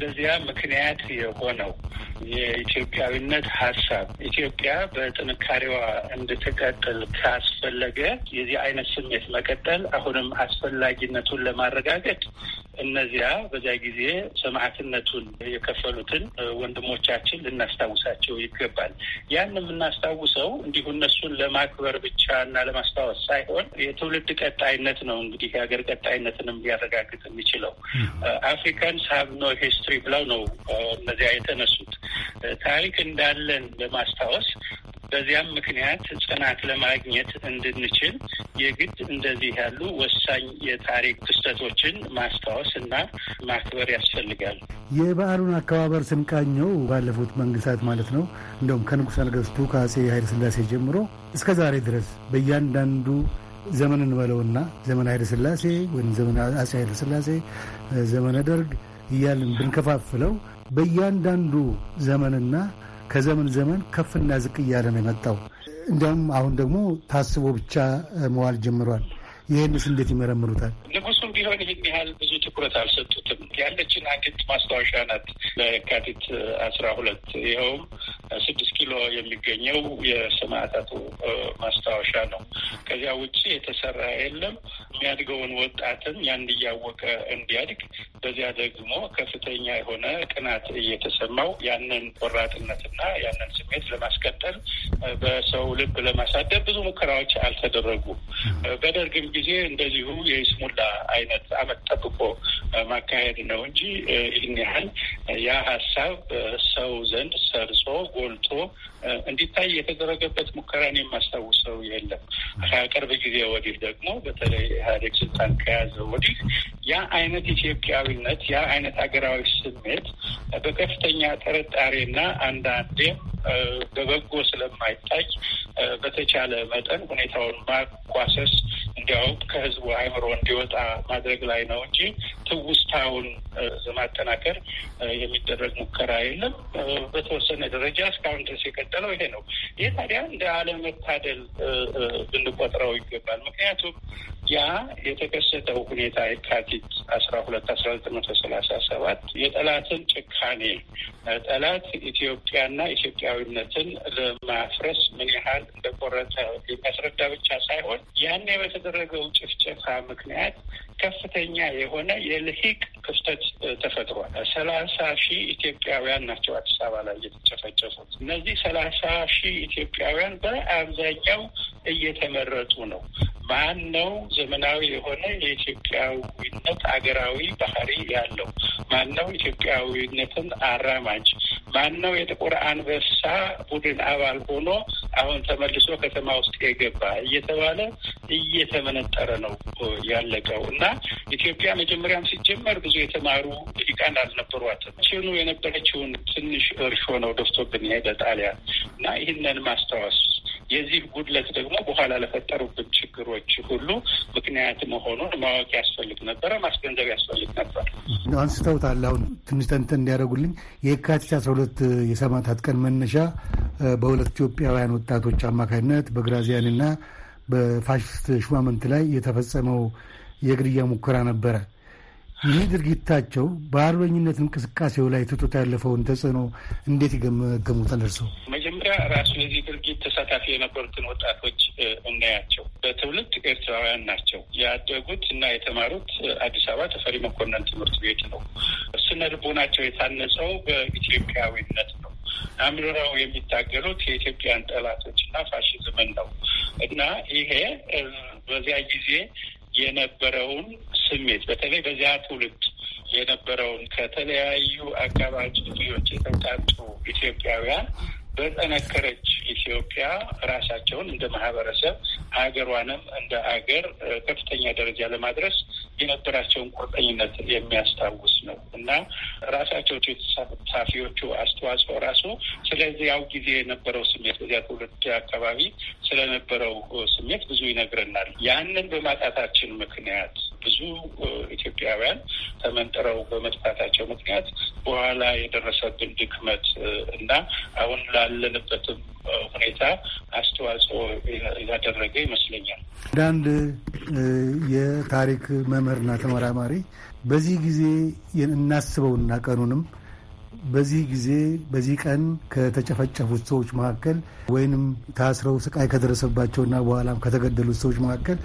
S7: በዚያ ምክንያት የሆነው የኢትዮጵያዊነት ሀሳብ ኢትዮጵያ በጥንካሬዋ እንድትቀጥል ካስፈለገ የዚህ አይነት ስሜት መቀጠል አሁንም አስፈላጊነቱን ለማረጋገጥ እነዚያ በዚያ ጊዜ ሰማዕትነቱን የከፈሉትን ወንድሞቻችን ልናስታውሳቸው ይገባል። ያን የምናስታውሰው እንዲሁ እነሱን ለማክበር ብቻ እና ለማስታወስ ሳይሆን የትውልድ ቀጣይነት ነው። እንግዲህ የሀገር ቀጣይነትንም ሊያረጋግጥ የሚችለው አፍሪካንስ ሀብ ኖ ሂስትሪ ብለው ነው እነዚያ የተነሱት። ታሪክ እንዳለን በማስታወስ በዚያም ምክንያት ጽናት ለማግኘት እንድንችል የግድ እንደዚህ ያሉ ወሳኝ የታሪክ ክስተቶችን ማስታወስ እና ማክበር ያስፈልጋል።
S13: የበዓሉን አከባበር ስንቃኘው ባለፉት መንግስታት ማለት ነው እንደውም ከንጉሠ ነገሥቱ ከአጼ ኃይለሥላሴ ጀምሮ እስከ ዛሬ ድረስ በእያንዳንዱ ዘመን እንበለውና ዘመን ኃይለ ስላሴ ወይም ዘመን አፄ ኃይለ ስላሴ፣ ዘመነ ደርግ እያልን ብንከፋፍለው በእያንዳንዱ ዘመንና ከዘመን ዘመን ከፍና ዝቅ እያለ ነው የመጣው። እንዲያውም አሁን ደግሞ ታስቦ ብቻ መዋል ጀምሯል። ይህንስ እንዴት ይመረምሩታል?
S7: ቢሆን ይህን ያህል ብዙ ትኩረት አልሰጡትም። ያለችን አንዲት ማስታወሻ ናት ለካቲት አስራ ሁለት ይኸውም ስድስት ኪሎ የሚገኘው የሰማዕታቱ ማስታወሻ ነው። ከዚያ ውጭ የተሰራ የለም። የሚያድገውን ወጣትን ያን እያወቀ እንዲያድግ በዚያ ደግሞ ከፍተኛ የሆነ ቅናት እየተሰማው ያንን ቆራጥነትና ያንን ስሜት ለማስቀጠል በሰው ልብ ለማሳደር ብዙ ሙከራዎች አልተደረጉም። በደርግም ጊዜ እንደዚሁ የይስሙላ አይነት አመት ጠብቆ ማካሄድ ነው እንጂ ይህን ያህል ያ ሀሳብ ሰው ዘንድ ሰርጾ ጎልቶ እንዲታይ የተደረገበት ሙከራን የማስታውሰው የለም። ከቅርብ ጊዜ ወዲህ ደግሞ በተለይ ኢህአዴግ ስልጣን ከያዘ ወዲህ ያ አይነት ኢትዮጵያዊነት፣ ያ አይነት ሀገራዊ ስሜት በከፍተኛ ጥርጣሬና አንዳንዴ በበጎ ስለማይታይ በተቻለ መጠን ሁኔታውን ማቋሰስ እንዲያውም ከህዝቡ አይምሮ እንዲወጣ ማድረግ ላይ ነው እንጂ ትውስታውን ለማጠናከር የሚደረግ ሙከራ የለም። በተወሰነ ደረጃ እስካሁን ድረስ የቀ የቀጠለው ይሄ ነው። ይህ ታዲያ እንደ አለመታደል ብንቆጥረው ይገባል። ምክንያቱም ያ የተከሰተው ሁኔታ የካቲት አስራ ሁለት አስራ ዘጠኝ መቶ ሰላሳ ሰባት የጠላትን ጭካኔ ጠላት ኢትዮጵያና ኢትዮጵያዊነትን ለማፍረስ ምን ያህል እንደቆረጠ የሚያስረዳ ብቻ ሳይሆን ያኔ በተደረገው ጭፍጨፋ ምክንያት ከፍተኛ የሆነ የልሂቅ ክፍተት ተፈጥሯል። ሰላሳ ሺህ ኢትዮጵያውያን ናቸው አዲስ አበባ ላይ የተጨፈጨፉት። እነዚህ ሰላ ሰላሳ ሺህ ኢትዮጵያውያን በአብዛኛው እየተመረጡ ነው። ማን ነው ዘመናዊ የሆነ የኢትዮጵያዊነት አገራዊ ባህሪ ያለው? ማን ነው ኢትዮጵያዊነትን አራማጅ? ማነው የጥቁር አንበሳ ቡድን አባል ሆኖ አሁን ተመልሶ ከተማ ውስጥ የገባ እየተባለ እየተመነጠረ ነው ያለቀው እና ኢትዮጵያ መጀመሪያም ሲጀመር ብዙ የተማሩ ሊቃን አልነበሯትም። ችኑ የነበረችውን ትንሽ እርሾ ነው ደፍቶብን የሄደ ጣሊያን እና ይህንን ማስታወስ የዚህ ጉድለት ደግሞ በኋላ ለፈጠሩብን ችግሮች ሁሉ ምክንያት መሆኑን ማወቅ ያስፈልግ ነበረ፣ ማስገንዘብ ያስፈልግ ነበር።
S13: አንስተውታል። አሁን ትንሽ ተንተን እንዲያደርጉልኝ የካቲት አስራ ሁለት የሰማዕታት ቀን መነሻ በሁለት ኢትዮጵያውያን ወጣቶች አማካኝነት በግራዚያንና በፋሽስት ሹማምንት ላይ የተፈጸመው የግድያ ሙከራ ነበረ። ይህ ድርጊታቸው በአርበኝነት እንቅስቃሴው ላይ ትቶት ያለፈውን ተጽዕኖ እንዴት ይገመገሙታል እርስዎ? መጀመሪያ ራሱ የዚህ ድርጊት ተሳታፊ የነበሩትን ወጣቶች
S7: እናያቸው። በትውልድ ኤርትራውያን ናቸው። ያደጉት እና የተማሩት አዲስ አበባ ተፈሪ መኮንን ትምህርት ቤት ነው። ስነ ልቦናቸው የታነጸው በኢትዮጵያዊነት ነው። አምርረው የሚታገሉት የኢትዮጵያን ጠላቶች እና ፋሽዝምን ነው እና ይሄ በዚያ ጊዜ የነበረውን ስሜት በተለይ በዚያ ትውልድ የነበረውን ከተለያዩ አካባቢዎች የተውጣጡ ኢትዮጵያውያን በጠነከረች ኢትዮጵያ ራሳቸውን እንደ ማህበረሰብ ሀገሯንም እንደ ሀገር ከፍተኛ ደረጃ ለማድረስ የነበራቸውን ቁርጠኝነት የሚያስታውስ ነው እና ራሳቸው ተሳታፊዎቹ አስተዋጽኦ ራሱ ስለዚህ ያው ጊዜ የነበረው ስሜት በዚያ ትውልድ አካባቢ ስለነበረው ስሜት ብዙ ይነግረናል። ያንን በማጣታችን ምክንያት ብዙ ኢትዮጵያውያን ተመንጥረው በመጥፋታቸው ምክንያት በኋላ የደረሰብን ድክመት እና አሁን ላለንበትም ሁኔታ አስተዋጽኦ ያደረገ ይመስለኛል።
S13: እንደ አንድ የታሪክ መምህርና ተመራማሪ በዚህ ጊዜ እናስበውና ቀኑንም በዚህ ጊዜ በዚህ ቀን ከተጨፈጨፉት ሰዎች መካከል ወይንም ታስረው ስቃይ ከደረሰባቸውና በኋላም ከተገደሉት ሰዎች መካከል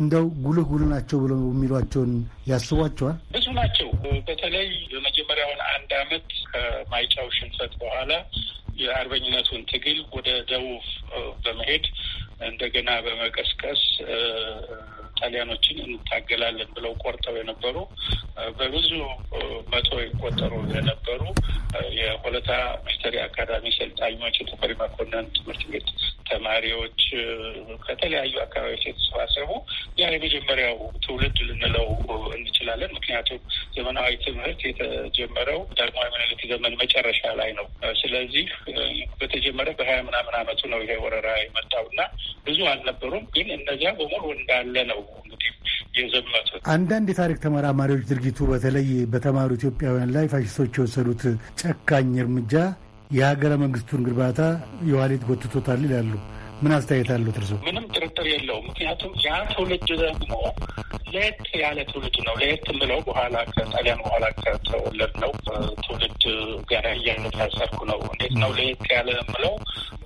S13: እንደው ጉልህ ጉልህ ናቸው ብሎ የሚሏቸውን ያስቧቸዋል።
S7: ብዙ ናቸው። በተለይ በመጀመሪያውን አንድ አመት ከማይጫው ሽንፈት በኋላ የአርበኝነቱን ትግል ወደ ደቡብ በመሄድ እንደገና በመቀስቀስ ጣሊያኖችን እንታገላለን ብለው ቆርጠው የነበሩ በብዙ መቶ ይቆጠሩ የነበሩ የሆለታ ሚሊተሪ አካዳሚ ሰልጣኞች፣ የተፈሪ መኮንን ትምህርት ቤት ተማሪዎች ከተለያዩ አካባቢዎች የተሰባሰቡ ያ የመጀመሪያው ትውልድ ልንለው እንችላለን። ምክንያቱም ዘመናዊ ትምህርት የተጀመረው ዳግማዊ ምኒልክ ዘመን መጨረሻ ላይ ነው። ስለዚህ በተጀመረ በሀያ ምናምን አመቱ ነው ይሄ ወረራ የመጣው እና
S13: ብዙ አልነበሩም። ግን እነዚያ በሙሉ እንዳለ ነው አንዳንድ የታሪክ ተመራማሪዎች ድርጊቱ በተለይ በተማሩ ኢትዮጵያውያን ላይ ፋሽስቶች የወሰዱት ጨካኝ እርምጃ የሀገረ መንግስቱን ግንባታ የኋሊት ጎትቶታል ይላሉ። ምን አስተያየት አሉት እርስዎ?
S7: ምንም ጥርጥር የለውም። ምክንያቱም ያ ትውልድ ደግሞ ለየት ያለ ትውልድ ነው። ለየት ምለው በኋላ ከጣሊያን በኋላ ከተወለድ ነው ትውልድ ጋር እያነሳሰርኩ ነው። እንዴት ነው ለየት ያለ ምለው?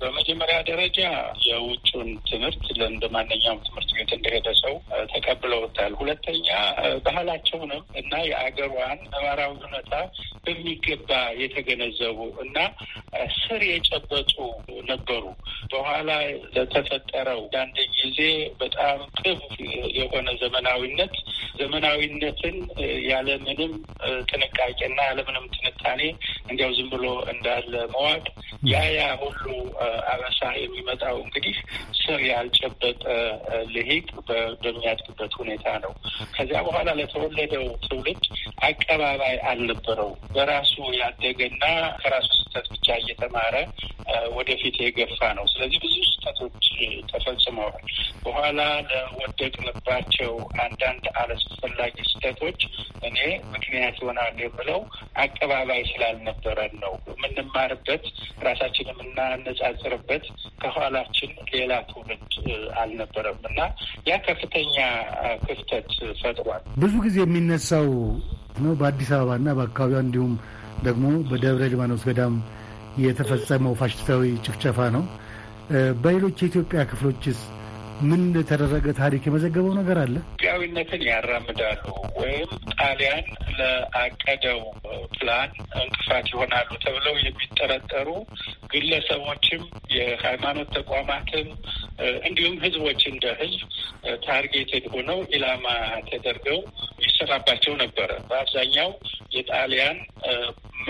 S7: በመጀመሪያ ደረጃ የውጭውን ትምህርት እንደ ማንኛውም ትምህርት ቤት እንደሄደ ሰው ተቀብለውታል። ሁለተኛ ባህላቸውንም እና የአገሯን ነባራዊ ሁኔታ በሚገባ የተገነዘቡ እና ስር የጨበጡ ነበሩ። በኋላ ለተፈጠረው አንድ ጊዜ በጣም ቅብ የሆነ ዘመናዊነት ዘመናዊነትን ያለምንም ጥንቃቄና ያለምንም ትንታኔ እንዲያው ዝም ብሎ እንዳለ መዋቅ ያ ያ ሁሉ አበሳ የሚመጣው እንግዲህ ስር ያልጨበጠ ልሂቅ በሚያድግበት ሁኔታ ነው። ከዚያ በኋላ ለተወለደው ትውልድ አቀባባይ አልነበረው። በራሱ ያደገና ከራሱ ስህተት ብቻ እየተማረ ወደፊት የገፋ ነው። ስለዚህ ብዙ ስህተቶች ተፈጽመዋል። በኋላ ለወደቅንባቸው አንዳንድ አላስፈላጊ ስህተቶች እኔ ምክንያት ይሆናል ብለው አቀባባይ ስላልነበረን ነው። የምንማርበት ራሳችን የምናነጻጽርበት ከኋላችን ሌላ ትውልድ
S13: አልነበረም እና ያ ከፍተኛ ክፍተት ፈጥሯል። ብዙ ጊዜ የሚነሳው ነው። በአዲስ አበባና በአካባቢዋ እንዲሁም ደግሞ በደብረ ሊባኖስ ገዳም የተፈጸመው ፋሽስታዊ ጭፍጨፋ ነው። በሌሎች የኢትዮጵያ ክፍሎችስ ምን ተደረገ ታሪክ የመዘገበው ነገር አለ?
S7: ኢትዮጵያዊነትን ያራምዳሉ ወይም ጣሊያን ለአቀደው ፕላን እንቅፋት ይሆናሉ ተብለው የሚጠረጠሩ ግለሰቦችም የሃይማኖት ተቋማትም እንዲሁም ህዝቦች እንደ ህዝብ ታርጌትድ ሆነው ኢላማ ተደርገው ይሰራባቸው ነበረ። በአብዛኛው የጣሊያን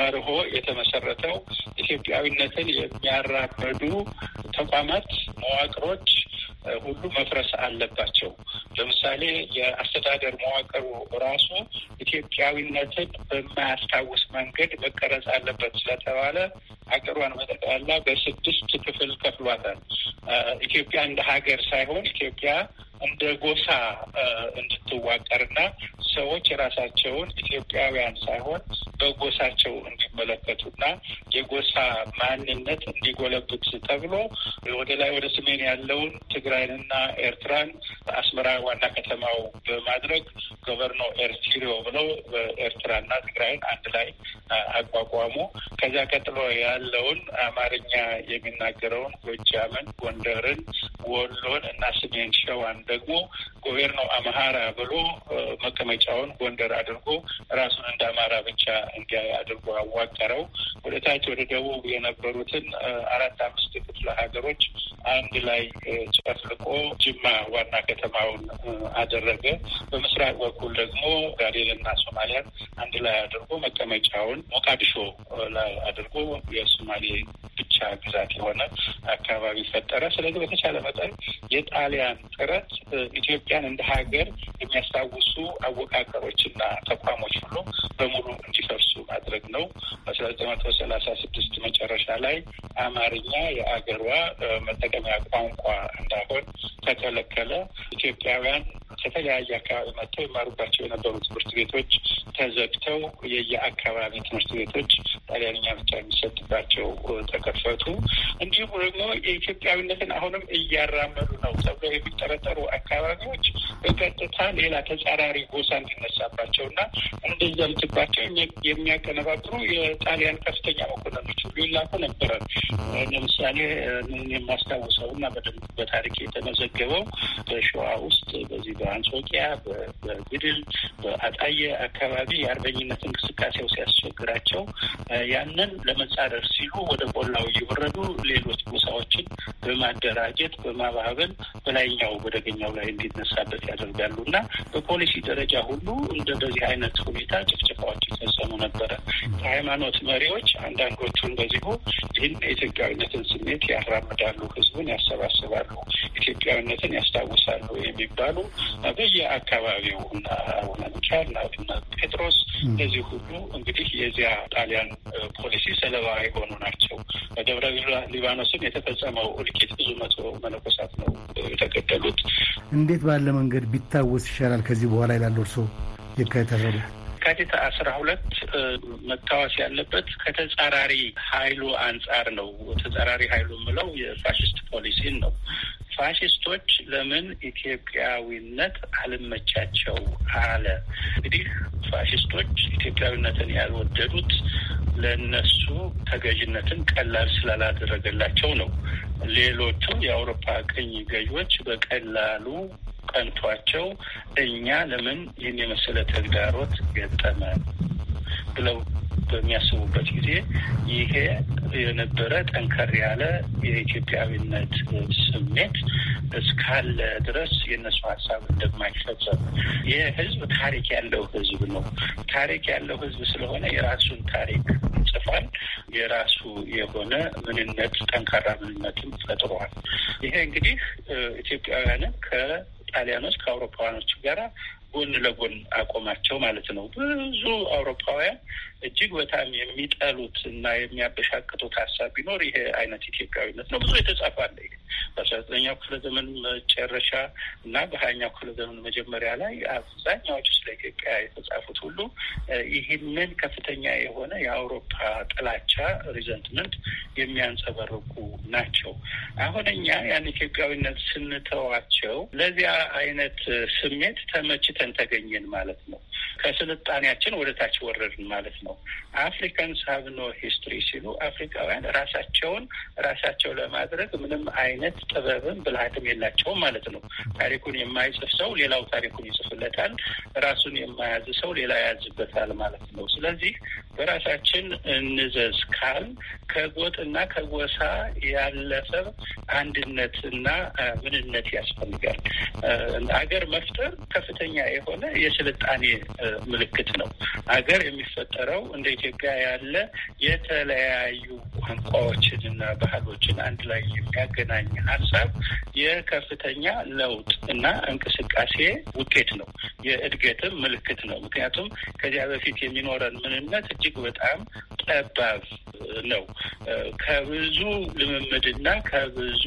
S7: መርሆ የተመሰረተው ኢትዮጵያዊነትን የሚያራምዱ ተቋማት፣ መዋቅሮች ሁሉ መፍረስ አለባቸው። ለምሳሌ የአስተዳደር መዋቅሩ ራሱ ኢትዮጵያዊነትን በማያስታውስ መንገድ መቀረጽ አለበት ስለተባለ ሀገሯን በጠቅላላ በስድስት ክፍል ከፍሏታል። ኢትዮጵያ እንደ ሀገር ሳይሆን ኢትዮጵያ እንደ ጎሳ እንድትዋቀርና ሰዎች የራሳቸውን ኢትዮጵያውያን ሳይሆን በጎሳቸው እንዲመለከቱና የጎሳ ማንነት እንዲጎለብት ተብሎ ወደ ላይ ወደ ሰሜን ያለውን ትግራይንና ኤርትራን አስመራ ዋና ከተማው በማድረግ ገቨርኖ ኤርትሪዮ ብለው ኤርትራና ትግራይን አንድ ላይ አቋቋሙ። ከዚያ ቀጥሎ ያለውን አማርኛ የሚናገረውን ጎጃምን፣ ጎንደርን፣ ወሎን እና ሰሜን ሸዋን ደግሞ ጎቬርኖ አምሃራ ብሎ መቀመጫውን ጎንደር አድርጎ ራሱን እንደ አማራ ብቻ እንዲያ አድርጎ አዋቀረው። ወደ ታች ወደ ደቡብ የነበሩትን አራት አምስት ክፍለ ሀገሮች አንድ ላይ ጨፍልቆ ጅማ ዋና ከተማውን አደረገ። በምስራቅ በኩል ደግሞ ጋዴልና ሶማሊያን አንድ ላይ አድርጎ መቀመጫውን ሞቃዲሾ ላይ አድርጎ የሶማሌ ብቻ ግዛት የሆነ አካባቢ ፈጠረ። ስለዚህ በተቻለ መጠን የጣሊያን ጥረት ኢትዮጵያን እንደ ሀገር የሚያስታውሱ አወቃቀሮችና ተቋሞች ሁሉ በሙሉ እንዲፈርሱ ማድረግ ነው። በአስራ ዘጠኝ መቶ ሰላሳ ስድስት መጨረሻ ላይ አማርኛ የአገሯ መጠቀሚያ ቋንቋ እንዳሆን ተከለከለ። ኢትዮጵያውያን ከተለያየ አካባቢ መጥተው ይማሩባቸው የነበሩ ትምህርት ቤቶች ተዘግተው የየአካባቢ ትምህርት ቤቶች ጣሊያንኛ ብቻ የሚሰጥባቸው ተከፈቱ። እንዲሁም ደግሞ የኢትዮጵያዊነትን አሁንም እያራመዱ ነው ተብሎ የሚጠረጠሩ አካባቢዎች በቀጥታ ሌላ ተጻራሪ ጎሳ እንዲነሳባቸው እና እንደዘምትባቸው የሚያቀነባብሩ የጣሊያን ከፍተኛ መኮንኖች ሁሉ ይላኩ ነበረ። ለምሳሌ የማስታውሰው እና በደንብ በታሪክ የተመዘገበው በሸዋ ውስጥ በዚህ በአንጾኪያ፣ በግድል፣ በአጣየ አካባቢ የአርበኝነት እንቅስቃሴው ሲያስቸግራቸው ያንን ለመጻረር ሲሉ ወደ ቆላው እየወረዱ ሌሎች ጎሳዎችን በማደራጀት በማባበል በላይኛው ወደ በጓደኛው ላይ እንዲነሳበት ያደርጋሉ እና በፖሊሲ ደረጃ ሁሉ እንደ በዚህ አይነት ሁኔታ ጭፍጭፋዎች ይፈጸሙ ነበረ። ከሃይማኖት መሪዎች አንዳንዶቹ እንደዚሁ ይህን የኢትዮጵያዊነትን ስሜት ያራምዳሉ፣ ህዝቡን ያሰባስባሉ፣ ኢትዮጵያዊነትን ያስታውሳሉ የሚባሉ በየአካባቢው እና አቡነ ሚካኤል እና አቡነ ጴጥሮስ እነዚህ ሁሉ እንግዲህ የዚያ ጣሊያን ፖሊሲ ሰለባ የሆኑ ናቸው። በደብረ ሊባኖስም የተፈጸመው እልቂት ብዙ መቶ መነኮሳት
S13: ነው የተገደሉት። እንዴት ባለ መንገድ ቢታወስ ይሻላል ከዚህ በኋላ ይላሉ እርስዎ የካቲት
S7: የካቲት አስራ ሁለት መታወስ ያለበት ከተጻራሪ ኃይሉ አንጻር ነው። ተጻራሪ ኃይሉ የምለው የፋሽስት ፖሊሲን ነው። ፋሽስቶች ለምን ኢትዮጵያዊነት አልመቻቸው አለ። እንግዲህ ፋሽስቶች ኢትዮጵያዊነትን ያልወደዱት ለነሱ ተገዥነትን ቀላል ስላላደረገላቸው ነው። ሌሎቹ የአውሮፓ ቅኝ ገዢዎች በቀላሉ ቀንቷቸው እኛ ለምን ይህን የመሰለ ተግዳሮት ገጠመ ብለው በሚያስቡበት ጊዜ ይሄ የነበረ ጠንከር ያለ የኢትዮጵያዊነት ስሜት እስካለ ድረስ የእነሱ ሀሳብ እንደማይፈጸም ይህ ህዝብ ታሪክ ያለው ህዝብ ነው። ታሪክ ያለው ህዝብ ስለሆነ የራሱን ታሪክ ይጽፋል። የራሱ የሆነ ምንነት፣ ጠንካራ ምንነትም ፈጥሯል። ይሄ እንግዲህ ኢትዮጵያውያንን ከ ከጣሊያኖች ከአውሮፓውያኖች ጋራ ጎን ለጎን አቆማቸው ማለት ነው። ብዙ አውሮፓውያን እጅግ በጣም የሚጠሉት እና የሚያበሻቅጡት ሀሳብ ቢኖር ይሄ አይነት ኢትዮጵያዊነት ነው። ብዙ የተጻፈ አለ። በአስራ ዘጠነኛው ክፍለ ዘመን መጨረሻ እና በሀያኛው ክፍለ ዘመን መጀመሪያ ላይ አብዛኛዎቹ ስለ ኢትዮጵያ የተጻፉት ሁሉ ይህንን ከፍተኛ የሆነ የአውሮፓ ጥላቻ ሪዘንትመንት የሚያንጸባርቁ ናቸው። አሁን እኛ ያን ኢትዮጵያዊነት ስንተዋቸው ለዚያ አይነት ስሜት ተመችተ ተመልሰን ተገኘን ማለት ነው። ከስልጣኔያችን ወደ ታች ወረድን ማለት ነው። አፍሪካንስ ሀብ ኖ ሂስትሪ ሲሉ አፍሪካውያን ራሳቸውን ራሳቸው ለማድረግ ምንም አይነት ጥበብም ብልሃትም የላቸውም ማለት ነው። ታሪኩን የማይጽፍ ሰው ሌላው ታሪኩን ይጽፍለታል፣ ራሱን የማያዝ ሰው ሌላ ያዝበታል ማለት ነው። ስለዚህ በራሳችን እንዘዝ ካል ከጎጥና ከጎሳ ያለፈ አንድነትና ምንነት ያስፈልጋል። አገር መፍጠር ከፍተኛ የሆነ የስልጣኔ ምልክት ነው። አገር የሚፈጠረው እንደ ኢትዮጵያ ያለ የተለያዩ ቋንቋዎችን እና ባህሎችን አንድ ላይ የሚያገናኝ ሀሳብ የከፍተኛ ለውጥ እና እንቅስቃሴ ውጤት ነው። የእድገትም ምልክት ነው። ምክንያቱም ከዚያ በፊት የሚኖረን ምንነት እጅግ እጅግ በጣም ጠባብ ነው። ከብዙ ልምምድና ከብዙ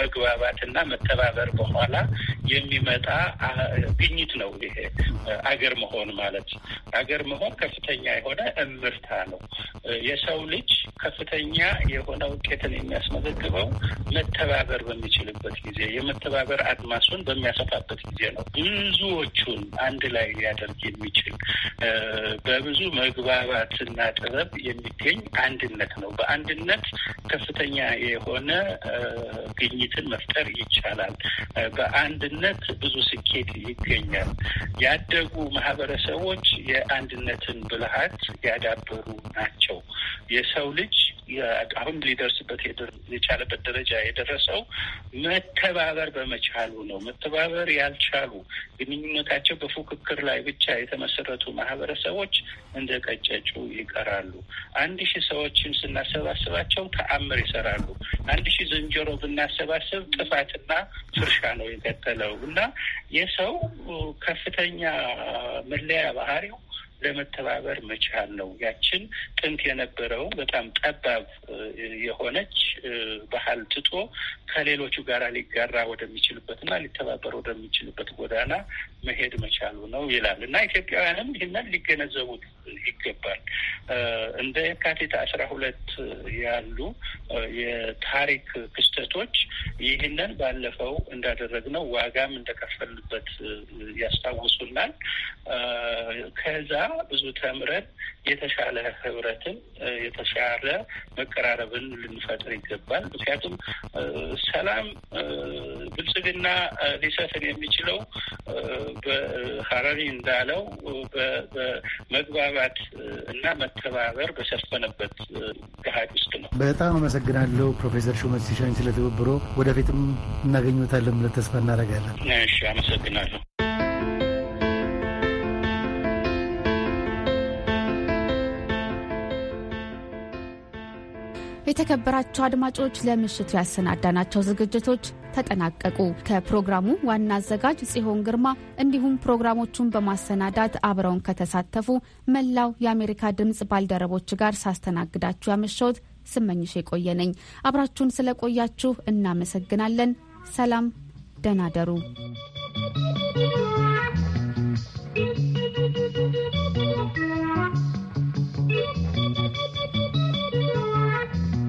S7: መግባባትና መተባበር በኋላ የሚመጣ ግኝት ነው ይሄ አገር መሆን ማለት። አገር መሆን ከፍተኛ የሆነ እምርታ ነው። የሰው ልጅ ከፍተኛ የሆነ ውጤትን የሚያስመዘግበው መተባበር በሚችልበት ጊዜ፣ የመተባበር አድማሱን በሚያሰፋበት ጊዜ ነው። ብዙዎቹን አንድ ላይ ሊያደርግ የሚችል በብዙ መግባባት ስርዓትና ጥበብ የሚገኝ አንድነት ነው። በአንድነት ከፍተኛ የሆነ ግኝትን መፍጠር ይቻላል። በአንድነት ብዙ ስኬት ይገኛል። ያደጉ ማህበረሰቦች የአንድነትን ብልሃት ያዳበሩ ናቸው። የሰው ልጅ አሁን ሊደርስበት የቻለበት ደረጃ የደረሰው መተባበር በመቻሉ ነው። መተባበር ያልቻሉ ግንኙነታቸው በፉክክር ላይ ብቻ የተመሰረቱ ማህበረሰቦች እንደ ቀጨጩ ይቀራሉ። አንድ ሺህ ሰዎችን ስናሰባስባቸው ተአምር ይሰራሉ። አንድ ሺህ ዝንጀሮ ብናሰባስብ ጥፋትና ፍርሻ ነው የከተለው እና የሰው ከፍተኛ መለያ ባህሪው ለመተባበር መቻል ነው። ያችን ጥንት የነበረው በጣም ጠባብ የሆነች ባህል ትቶ ከሌሎቹ ጋራ ሊጋራ ወደሚችልበትና ሊተባበር ወደሚችልበት ጎዳና መሄድ መቻሉ ነው ይላል እና ኢትዮጵያውያንም ይህንን ሊገነዘቡት ይገባል። እንደ የካቲት አስራ ሁለት ያሉ የታሪክ ክስተቶች ይህንን ባለፈው እንዳደረግነው ዋጋም እንደከፈልበት ያስታውሱናል። ከዛ ብዙ ተምረን የተሻለ ህብረትን የተሻለ መቀራረብን ልንፈጥር ይገባል። ምክንያቱም ሰላም ብልጽግና ሊሰፍን የሚችለው በሀረሪ እንዳለው በመግባባት እና መተባበር በሰፈነበት ገሀድ ውስጥ ነው። በጣም
S13: አመሰግናለሁ ፕሮፌሰር ሹመት ሲሻኝ ስለ ወደፊትም እናገኘታለን ብለን ተስፋ እናደርጋለን።
S7: እሺ፣ አመሰግናለሁ።
S1: የተከበራቸው አድማጮች ለምሽቱ ያሰናዳናቸው ዝግጅቶች ተጠናቀቁ። ከፕሮግራሙ ዋና አዘጋጅ ጽሆን ግርማ እንዲሁም ፕሮግራሞቹን በማሰናዳት አብረውን ከተሳተፉ መላው የአሜሪካ ድምፅ ባልደረቦች ጋር ሳስተናግዳችሁ ያመሸሁት ስመኝሽ የቆየ ነኝ። አብራችሁን ስለቆያችሁ እናመሰግናለን። ሰላም፣ ደህና ደሩ።